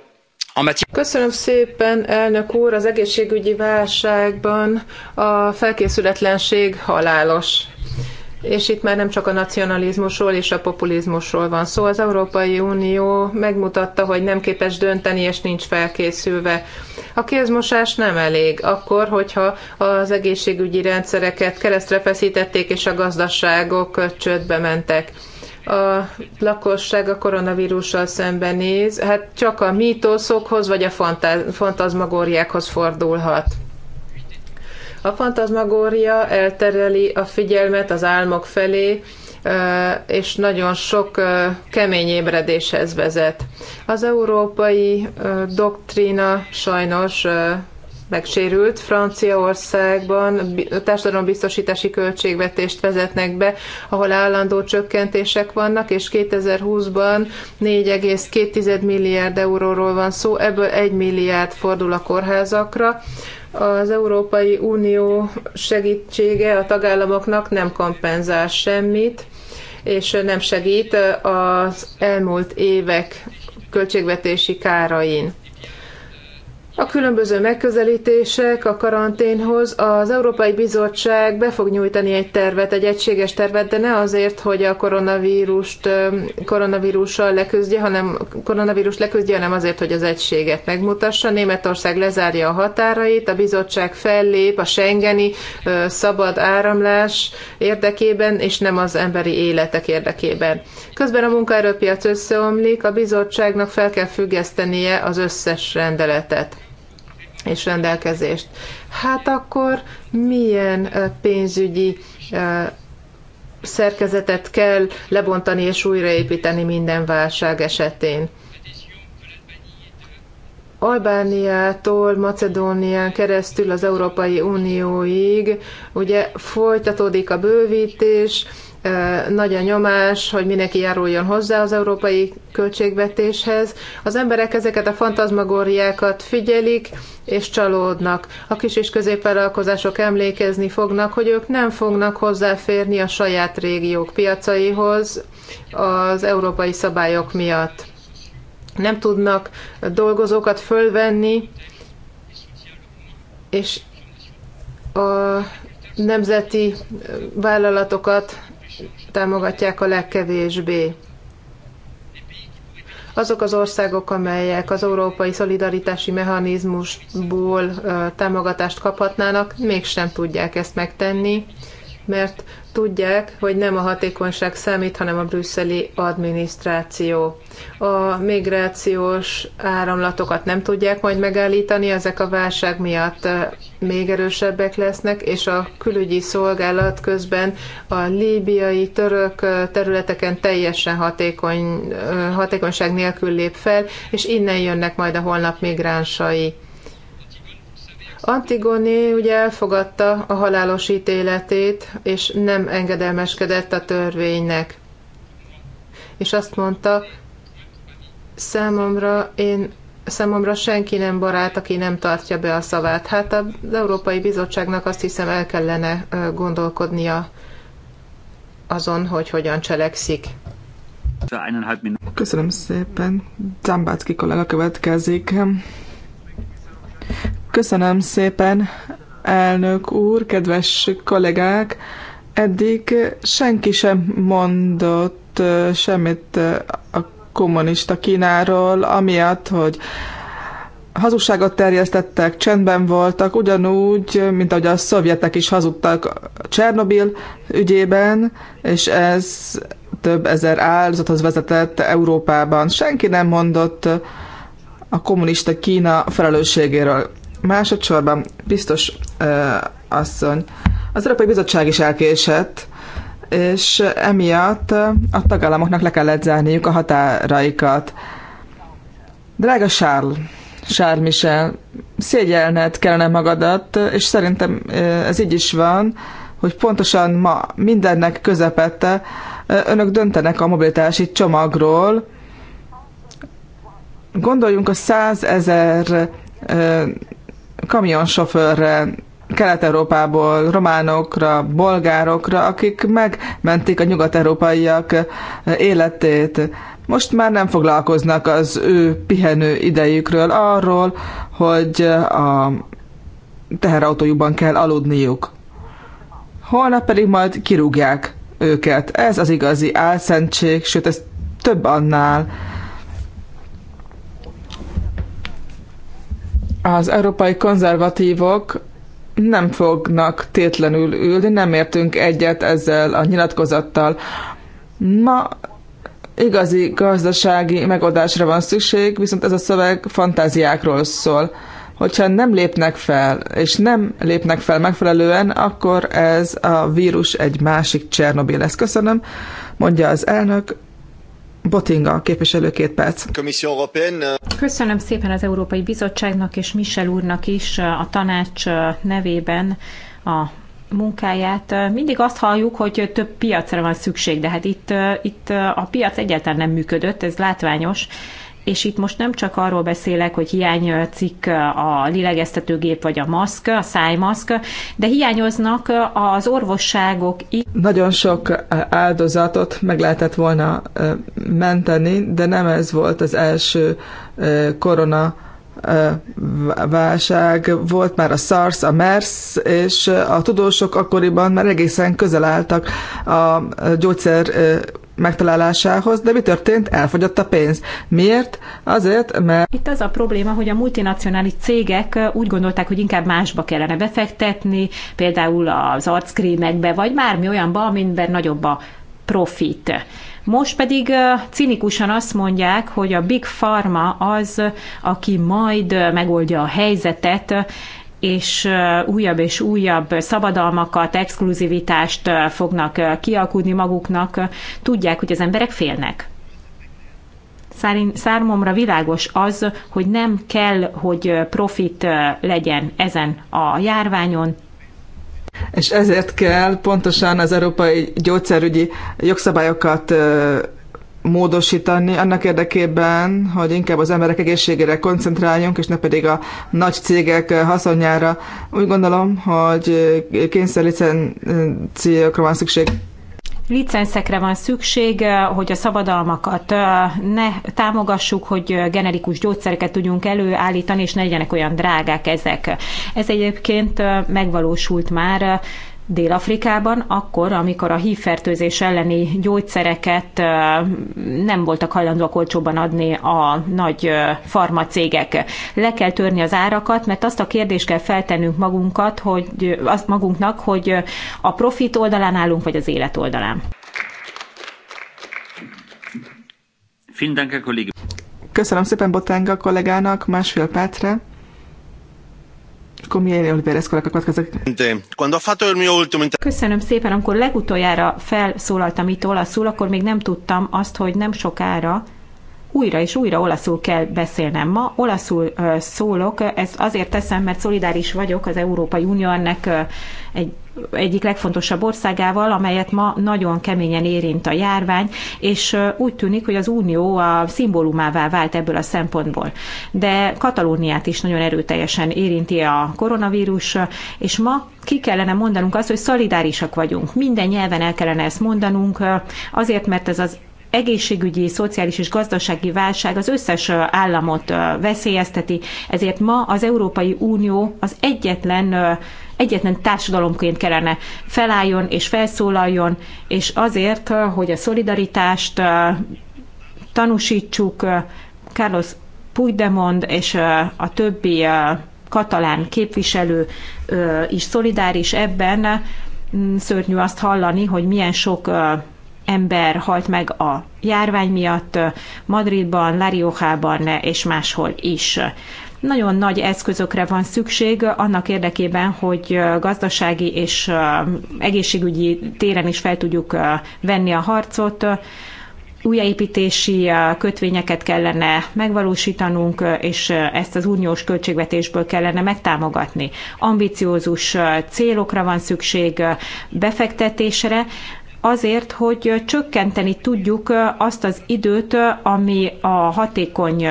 Köszönöm szépen, elnök úr! Az egészségügyi válságban a felkészületlenség halálos és itt már nem csak a nacionalizmusról és a populizmusról van szó. Az Európai Unió megmutatta, hogy nem képes dönteni, és nincs felkészülve. A kézmosás nem elég. Akkor, hogyha az egészségügyi rendszereket keresztre feszítették, és a gazdaságok csődbe mentek a lakosság a koronavírussal szembenéz, hát csak a mítoszokhoz vagy a fantazmagóriákhoz fordulhat. A fantazmagória eltereli a figyelmet az álmok felé, és nagyon sok kemény ébredéshez vezet. Az európai doktrína sajnos megsérült. Franciaországban társadalombiztosítási költségvetést vezetnek be, ahol állandó csökkentések vannak, és 2020-ban 4,2 milliárd euróról van szó, ebből 1 milliárd fordul a kórházakra az Európai Unió segítsége a tagállamoknak nem kompenzál semmit, és nem segít az elmúlt évek költségvetési kárain. A különböző megközelítések a karanténhoz az Európai Bizottság be fog nyújtani egy tervet, egy egységes tervet, de ne azért, hogy a koronavírust koronavírussal leküzdje, hanem koronavírus leküzdje, hanem azért, hogy az egységet megmutassa. Németország lezárja a határait, a bizottság fellép a Schengeni szabad áramlás érdekében, és nem az emberi életek érdekében. Közben a munkaerőpiac összeomlik, a bizottságnak fel kell függesztenie az összes rendeletet és rendelkezést. Hát akkor milyen pénzügyi szerkezetet kell lebontani és újraépíteni minden válság esetén? Albániától Macedónián keresztül az Európai Unióig ugye folytatódik a bővítés, nagy a nyomás, hogy mindenki járuljon hozzá az európai költségvetéshez. Az emberek ezeket a fantazmagóriákat figyelik, és csalódnak. A kis és középvállalkozások emlékezni fognak, hogy ők nem fognak hozzáférni a saját régiók piacaihoz az európai szabályok miatt. Nem tudnak dolgozókat fölvenni, és a nemzeti vállalatokat támogatják a legkevésbé. Azok az országok, amelyek az európai szolidaritási mechanizmusból támogatást kaphatnának, mégsem tudják ezt megtenni, mert tudják, hogy nem a hatékonyság számít, hanem a brüsszeli adminisztráció. A migrációs áramlatokat nem tudják majd megállítani, ezek a válság miatt még erősebbek lesznek, és a külügyi szolgálat közben a líbiai török területeken teljesen hatékony, hatékonyság nélkül lép fel, és innen jönnek majd a holnap migránsai. Antigoné ugye elfogadta a halálos ítéletét, és nem engedelmeskedett a törvénynek. És azt mondta, számomra én számomra senki nem barát, aki nem tartja be a szavát. Hát az Európai Bizottságnak azt hiszem el kellene gondolkodnia azon, hogy hogyan cselekszik. Köszönöm szépen. Zambácki kollega következik. Köszönöm szépen, elnök úr, kedves kollégák! Eddig senki sem mondott semmit a kommunista Kínáról, amiatt, hogy hazugságot terjesztettek, csendben voltak, ugyanúgy, mint ahogy a szovjetek is hazudtak Csernobil ügyében, és ez több ezer áldozathoz vezetett Európában. Senki nem mondott a kommunista Kína felelősségéről. Másodszorban biztos ö, asszony, az Európai Bizottság is elkésett, és emiatt a tagállamoknak le kellett zárniuk a határaikat. Drága Charles, Charles Michel, szégyelned kellene magadat, és szerintem ez így is van, hogy pontosan ma mindennek közepette önök döntenek a mobilitási csomagról. Gondoljunk a százezer kamionsofőrre, Kelet-Európából, románokra, bolgárokra, akik megmentik a nyugat-európaiak eh, életét. Most már nem foglalkoznak az ő pihenő idejükről, arról, hogy eh, a teherautójukban kell aludniuk. Holnap pedig majd kirúgják őket. Ez az igazi álszentség, sőt ez több annál az európai konzervatívok nem fognak tétlenül ülni, nem értünk egyet ezzel a nyilatkozattal. Ma igazi gazdasági megoldásra van szükség, viszont ez a szöveg fantáziákról szól. Hogyha nem lépnek fel, és nem lépnek fel megfelelően, akkor ez a vírus egy másik Csernobil lesz. Köszönöm, mondja az elnök. Botinga, képviselő két perc. Köszönöm szépen az Európai Bizottságnak és Michel úrnak is a tanács nevében a munkáját. Mindig azt halljuk, hogy több piacra van szükség, de hát itt, itt a piac egyáltalán nem működött, ez látványos és itt most nem csak arról beszélek, hogy hiányzik a lélegeztetőgép vagy a maszk, a szájmaszk, de hiányoznak az orvosságok. Nagyon sok áldozatot meg lehetett volna menteni, de nem ez volt az első korona válság, volt már a SARS, a MERS, és a tudósok akkoriban már egészen közel álltak a gyógyszer megtalálásához, de mi történt? Elfogyott a pénz. Miért? Azért, mert... Itt az a probléma, hogy a multinacionális cégek úgy gondolták, hogy inkább másba kellene befektetni, például az arckrémekbe, vagy bármi olyanba, amiben nagyobb a profit. Most pedig cinikusan azt mondják, hogy a Big Pharma az, aki majd megoldja a helyzetet, és újabb és újabb szabadalmakat, exkluzivitást fognak kialkudni maguknak. Tudják, hogy az emberek félnek. Számomra világos az, hogy nem kell, hogy profit legyen ezen a járványon, és ezért kell pontosan az európai gyógyszerügyi jogszabályokat módosítani annak érdekében, hogy inkább az emberek egészségére koncentráljunk, és ne pedig a nagy cégek haszonjára. Úgy gondolom, hogy kényszerlicenciákra van szükség. Licenszekre van szükség, hogy a szabadalmakat ne támogassuk, hogy generikus gyógyszereket tudjunk előállítani, és ne legyenek olyan drágák ezek. Ez egyébként megvalósult már Dél-Afrikában, akkor, amikor a hívfertőzés elleni gyógyszereket nem voltak hajlandóak olcsóban adni a nagy farmacégek. Le kell törni az árakat, mert azt a kérdést kell feltennünk magunkat, hogy, azt magunknak, hogy a profit oldalán állunk, vagy az élet oldalán. Köszönöm szépen Botánga kollégának másfél percre. Köszönöm szépen, amikor legutoljára felszólaltam itt olaszul, akkor még nem tudtam azt, hogy nem sokára újra és újra olaszul kell beszélnem. Ma olaszul szólok, ezt azért teszem, mert szolidáris vagyok az Európai Unió ennek egy egyik legfontosabb országával, amelyet ma nagyon keményen érint a járvány, és úgy tűnik, hogy az Unió a szimbólumává vált ebből a szempontból. De Katalóniát is nagyon erőteljesen érinti a koronavírus, és ma ki kellene mondanunk azt, hogy szolidárisak vagyunk. Minden nyelven el kellene ezt mondanunk, azért, mert ez az egészségügyi, szociális és gazdasági válság az összes államot veszélyezteti, ezért ma az Európai Unió az egyetlen egyetlen társadalomként kellene felálljon és felszólaljon, és azért, eh, hogy a szolidaritást eh, tanúsítsuk, eh, Carlos Puigdemont és a többi katalán képviselő is szolidáris ebben, mm, szörnyű azt hallani, hogy milyen sok ember halt meg a járvány miatt Madridban, Lariohában és máshol is. Nagyon nagy eszközökre van szükség annak érdekében, hogy gazdasági és egészségügyi téren is fel tudjuk venni a harcot újjáépítési kötvényeket kellene megvalósítanunk, és ezt az uniós költségvetésből kellene megtámogatni. Ambiciózus célokra van szükség befektetésre, azért, hogy csökkenteni tudjuk azt az időt, ami a hatékony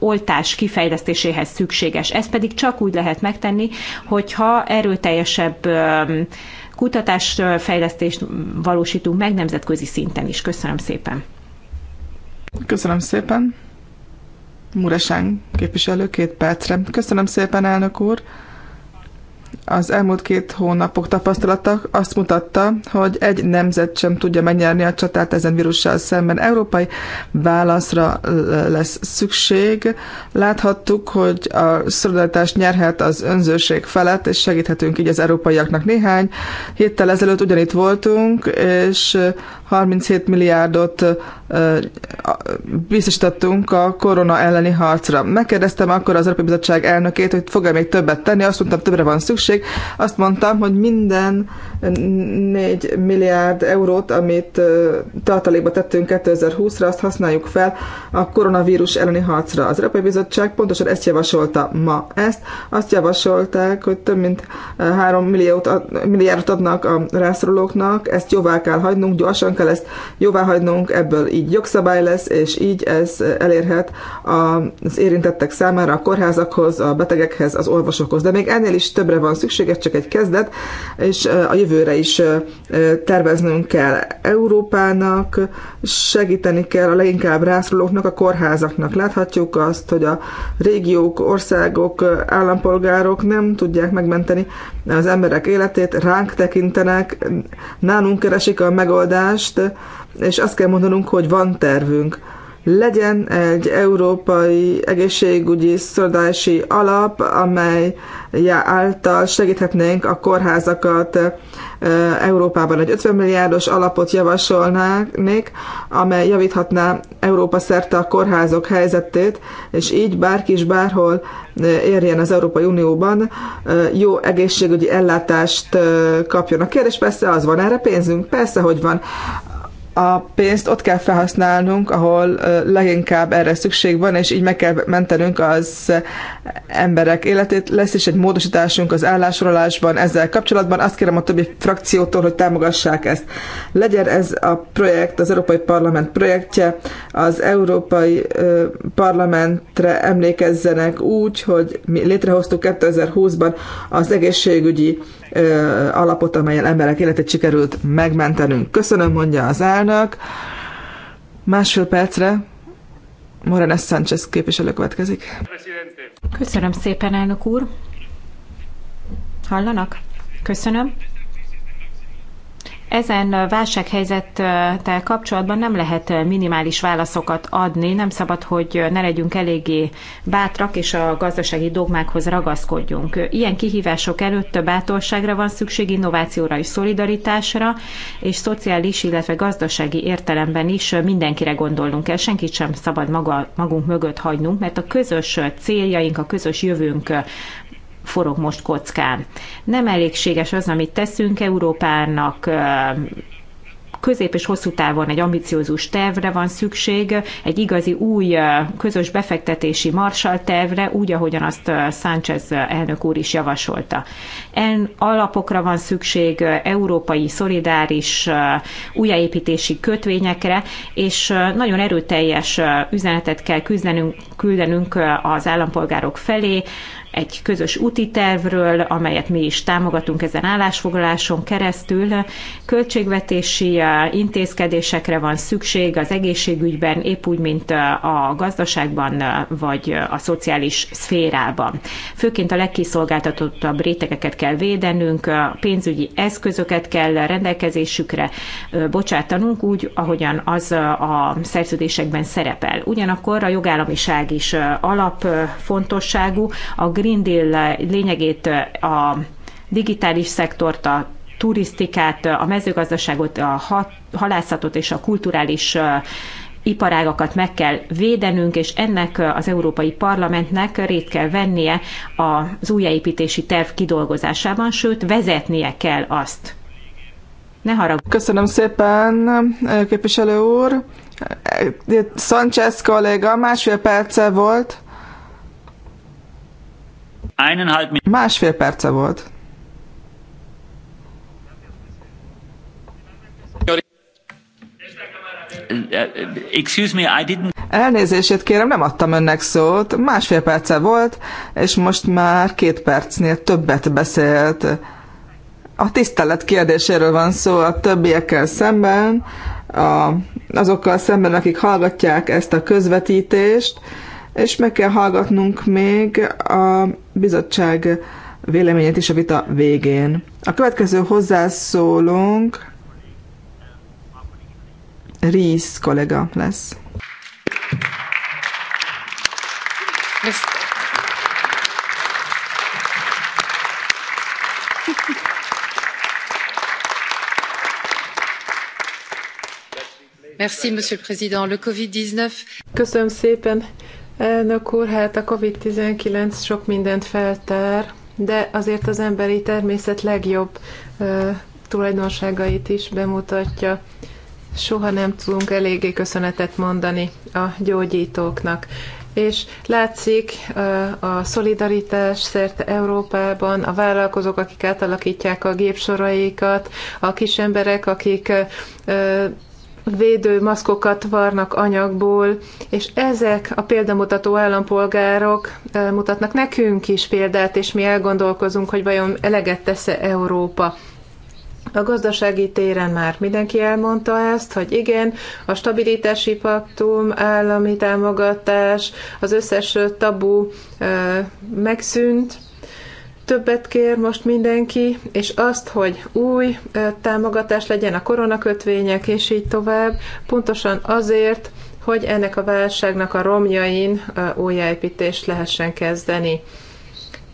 oltás kifejlesztéséhez szükséges. Ez pedig csak úgy lehet megtenni, hogyha erőteljesebb kutatásfejlesztést valósítunk meg nemzetközi szinten is. Köszönöm szépen. Köszönöm szépen. Muresán képviselő két percre. Köszönöm szépen, elnök úr az elmúlt két hónapok tapasztalata azt mutatta, hogy egy nemzet sem tudja megnyerni a csatát ezen vírussal szemben. Európai válaszra lesz szükség. Láthattuk, hogy a szolidaritás nyerhet az önzőség felett, és segíthetünk így az európaiaknak néhány. Héttel ezelőtt ugyanitt voltunk, és 37 milliárdot biztosítottunk a korona elleni harcra. Megkérdeztem akkor az Európai Bizottság elnökét, hogy fog-e még többet tenni, azt mondtam, többre van szükség. Azt mondtam, hogy minden 4 milliárd eurót, amit tartalékba tettünk 2020-ra, azt használjuk fel a koronavírus elleni harcra. Az Európai Bizottság pontosan ezt javasolta ma ezt. Azt javasolták, hogy több mint 3 milliót, milliárdot adnak a rászorulóknak, ezt jóvá kell hagynunk, gyorsan kell ezt jóvá hagynunk, ebből így jogszabály lesz, és így ez elérhet az érintettek számára, a kórházakhoz, a betegekhez, az orvosokhoz. De még ennél is többre van szükség, ez csak egy kezdet, és a jövőre is terveznünk kell Európának, segíteni kell a leginkább rászorulóknak, a kórházaknak. Láthatjuk azt, hogy a régiók, országok, állampolgárok nem tudják megmenteni az emberek életét, ránk tekintenek, nálunk keresik a megoldást, és azt kell mondanunk, hogy van tervünk legyen egy európai egészségügyi szolgálási alap, amely által segíthetnénk a kórházakat Európában. Egy 50 milliárdos alapot javasolnánk, amely javíthatná Európa szerte a kórházok helyzetét, és így bárki is bárhol érjen az Európai Unióban, jó egészségügyi ellátást kapjon. A kérdés persze az, van erre pénzünk? Persze, hogy van a pénzt ott kell felhasználnunk, ahol leginkább erre szükség van, és így meg kell mentenünk az emberek életét. Lesz is egy módosításunk az állásolásban ezzel kapcsolatban. Azt kérem a többi frakciótól, hogy támogassák ezt. Legyen ez a projekt, az Európai Parlament projektje, az Európai Parlamentre emlékezzenek úgy, hogy mi létrehoztuk 2020-ban az egészségügyi alapot, amelyen emberek életét sikerült megmentenünk. Köszönöm, mondja az elnök. Másfél percre Moranes Sánchez képviselő következik. Köszönöm szépen, elnök úr. Hallanak? Köszönöm ezen válsághelyzettel kapcsolatban nem lehet minimális válaszokat adni, nem szabad, hogy ne legyünk eléggé bátrak, és a gazdasági dogmákhoz ragaszkodjunk. Ilyen kihívások előtt bátorságra van szükség, innovációra és szolidaritásra, és szociális, illetve gazdasági értelemben is mindenkire gondolnunk kell. Senkit sem szabad maga, magunk mögött hagynunk, mert a közös céljaink, a közös jövőnk forog most kockán. Nem elégséges az, amit teszünk Európának, közép és hosszú távon egy ambiciózus tervre van szükség, egy igazi új közös befektetési marsal tervre, úgy, ahogyan azt Sánchez elnök úr is javasolta. En alapokra van szükség, európai szolidáris újjáépítési kötvényekre, és nagyon erőteljes üzenetet kell küzdenünk, küldenünk az állampolgárok felé, egy közös úti tervről, amelyet mi is támogatunk ezen állásfoglaláson keresztül. Költségvetési uh, intézkedésekre van szükség az egészségügyben, épp úgy, mint uh, a gazdaságban uh, vagy a szociális szférában. Főként a legkiszolgáltatottabb rétegeket kell védenünk, pénzügyi eszközöket kell rendelkezésükre bocsátanunk úgy, ahogyan az a szerződésekben szerepel. Ugyanakkor a jogállamiság is alapfontosságú, a Green Deal eh, lényegét, eh, a digitális szektort, a turisztikát, eh, a mezőgazdaságot, a halászatot és a kulturális iparágakat meg kell védenünk, és ennek az Európai Parlamentnek rét kell vennie az újjáépítési terv kidolgozásában, sőt vezetnie kell azt. Ne haragudj. Köszönöm szépen, képviselő úr. Sanchez kolléga másfél perce volt. Másfél perce volt. Excuse me, I didn't... Elnézését kérem, nem adtam önnek szót. Másfél perce volt, és most már két percnél többet beszélt. A tisztelet kérdéséről van szó a többiekkel szemben, a, azokkal szemben, akik hallgatják ezt a közvetítést és meg kell hallgatnunk még a bizottság véleményét is a vita végén. A következő hozzászólónk Rísz kollega lesz. Merci, Monsieur le Président. Le COVID-19. Köszönöm szépen. Elnök úr, hát a COVID-19 sok mindent feltár, de azért az emberi természet legjobb uh, tulajdonságait is bemutatja. Soha nem tudunk eléggé köszönetet mondani a gyógyítóknak és látszik a szolidaritás szerte Európában, a vállalkozók, akik átalakítják a gépsoraikat, a kis emberek, akik védő maszkokat varnak anyagból, és ezek a példamutató állampolgárok mutatnak nekünk is példát, és mi elgondolkozunk, hogy vajon eleget tesz-e Európa. A gazdasági téren már mindenki elmondta ezt, hogy igen, a stabilitási paktum, állami támogatás, az összes tabu megszűnt, többet kér most mindenki, és azt, hogy új támogatás legyen a koronakötvények, és így tovább, pontosan azért, hogy ennek a válságnak a romjain újjáépítést lehessen kezdeni.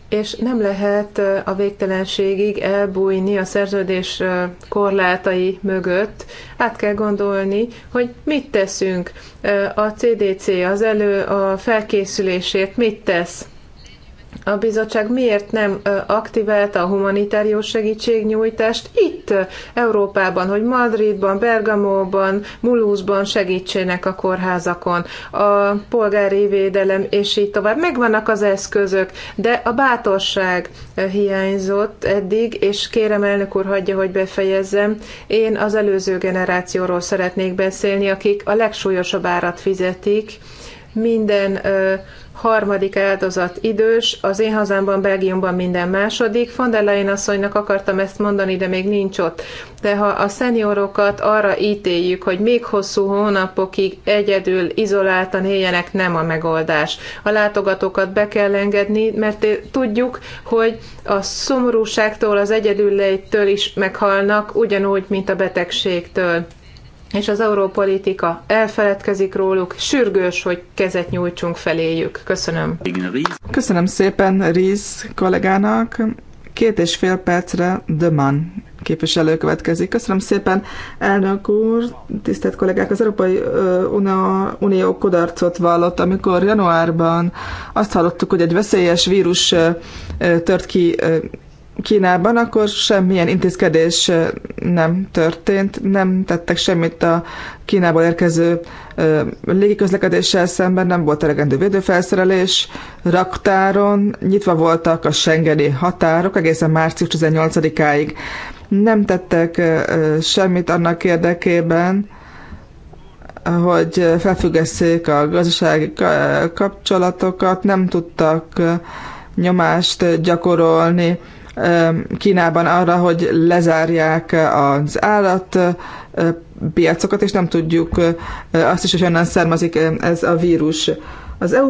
És nem lehet a végtelenségig elbújni a szerződés korlátai mögött. Át kell gondolni, hogy mit teszünk. A CDC az elő a felkészülésért mit tesz a bizottság miért nem aktiválta a humanitárius segítségnyújtást itt Európában, hogy Madridban, Bergamóban, Mulúzban segítsenek a kórházakon, a polgári védelem és így tovább. Megvannak az eszközök, de a bátorság hiányzott eddig, és kérem elnök úr hagyja, hogy befejezzem. Én az előző generációról szeretnék beszélni, akik a legsúlyosabb árat fizetik. Minden harmadik áldozat idős, az én hazámban, Belgiumban minden második. Von der Leyen asszonynak akartam ezt mondani, de még nincs ott. De ha a szeniorokat arra ítéljük, hogy még hosszú hónapokig egyedül, izoláltan éljenek, nem a megoldás. A látogatókat be kell engedni, mert eh, tudjuk, hogy a szomorúságtól, az egyedülléttől is meghalnak, ugyanúgy, mint a betegségtől és az európolitika elfeledkezik róluk, sürgős, hogy kezet nyújtsunk feléjük. Köszönöm. Köszönöm szépen Riz kollégának. Két és fél percre Döman képviselő következik. Köszönöm szépen, elnök úr, tisztelt kollégák, az Európai Unió kudarcot vallott, amikor januárban azt hallottuk, hogy egy veszélyes vírus tört ki Kínában, akkor semmilyen intézkedés nem történt, nem tettek semmit a Kínából érkező légiközlekedéssel szemben, nem volt elegendő védőfelszerelés, raktáron nyitva voltak a Schengeni határok egészen március 18-áig. Nem tettek semmit annak érdekében, hogy felfüggesszék a gazdasági kapcsolatokat, nem tudtak nyomást gyakorolni Kínában arra, hogy lezárják az állat piacokat, és nem tudjuk azt is, hogy onnan származik ez a vírus. Az EU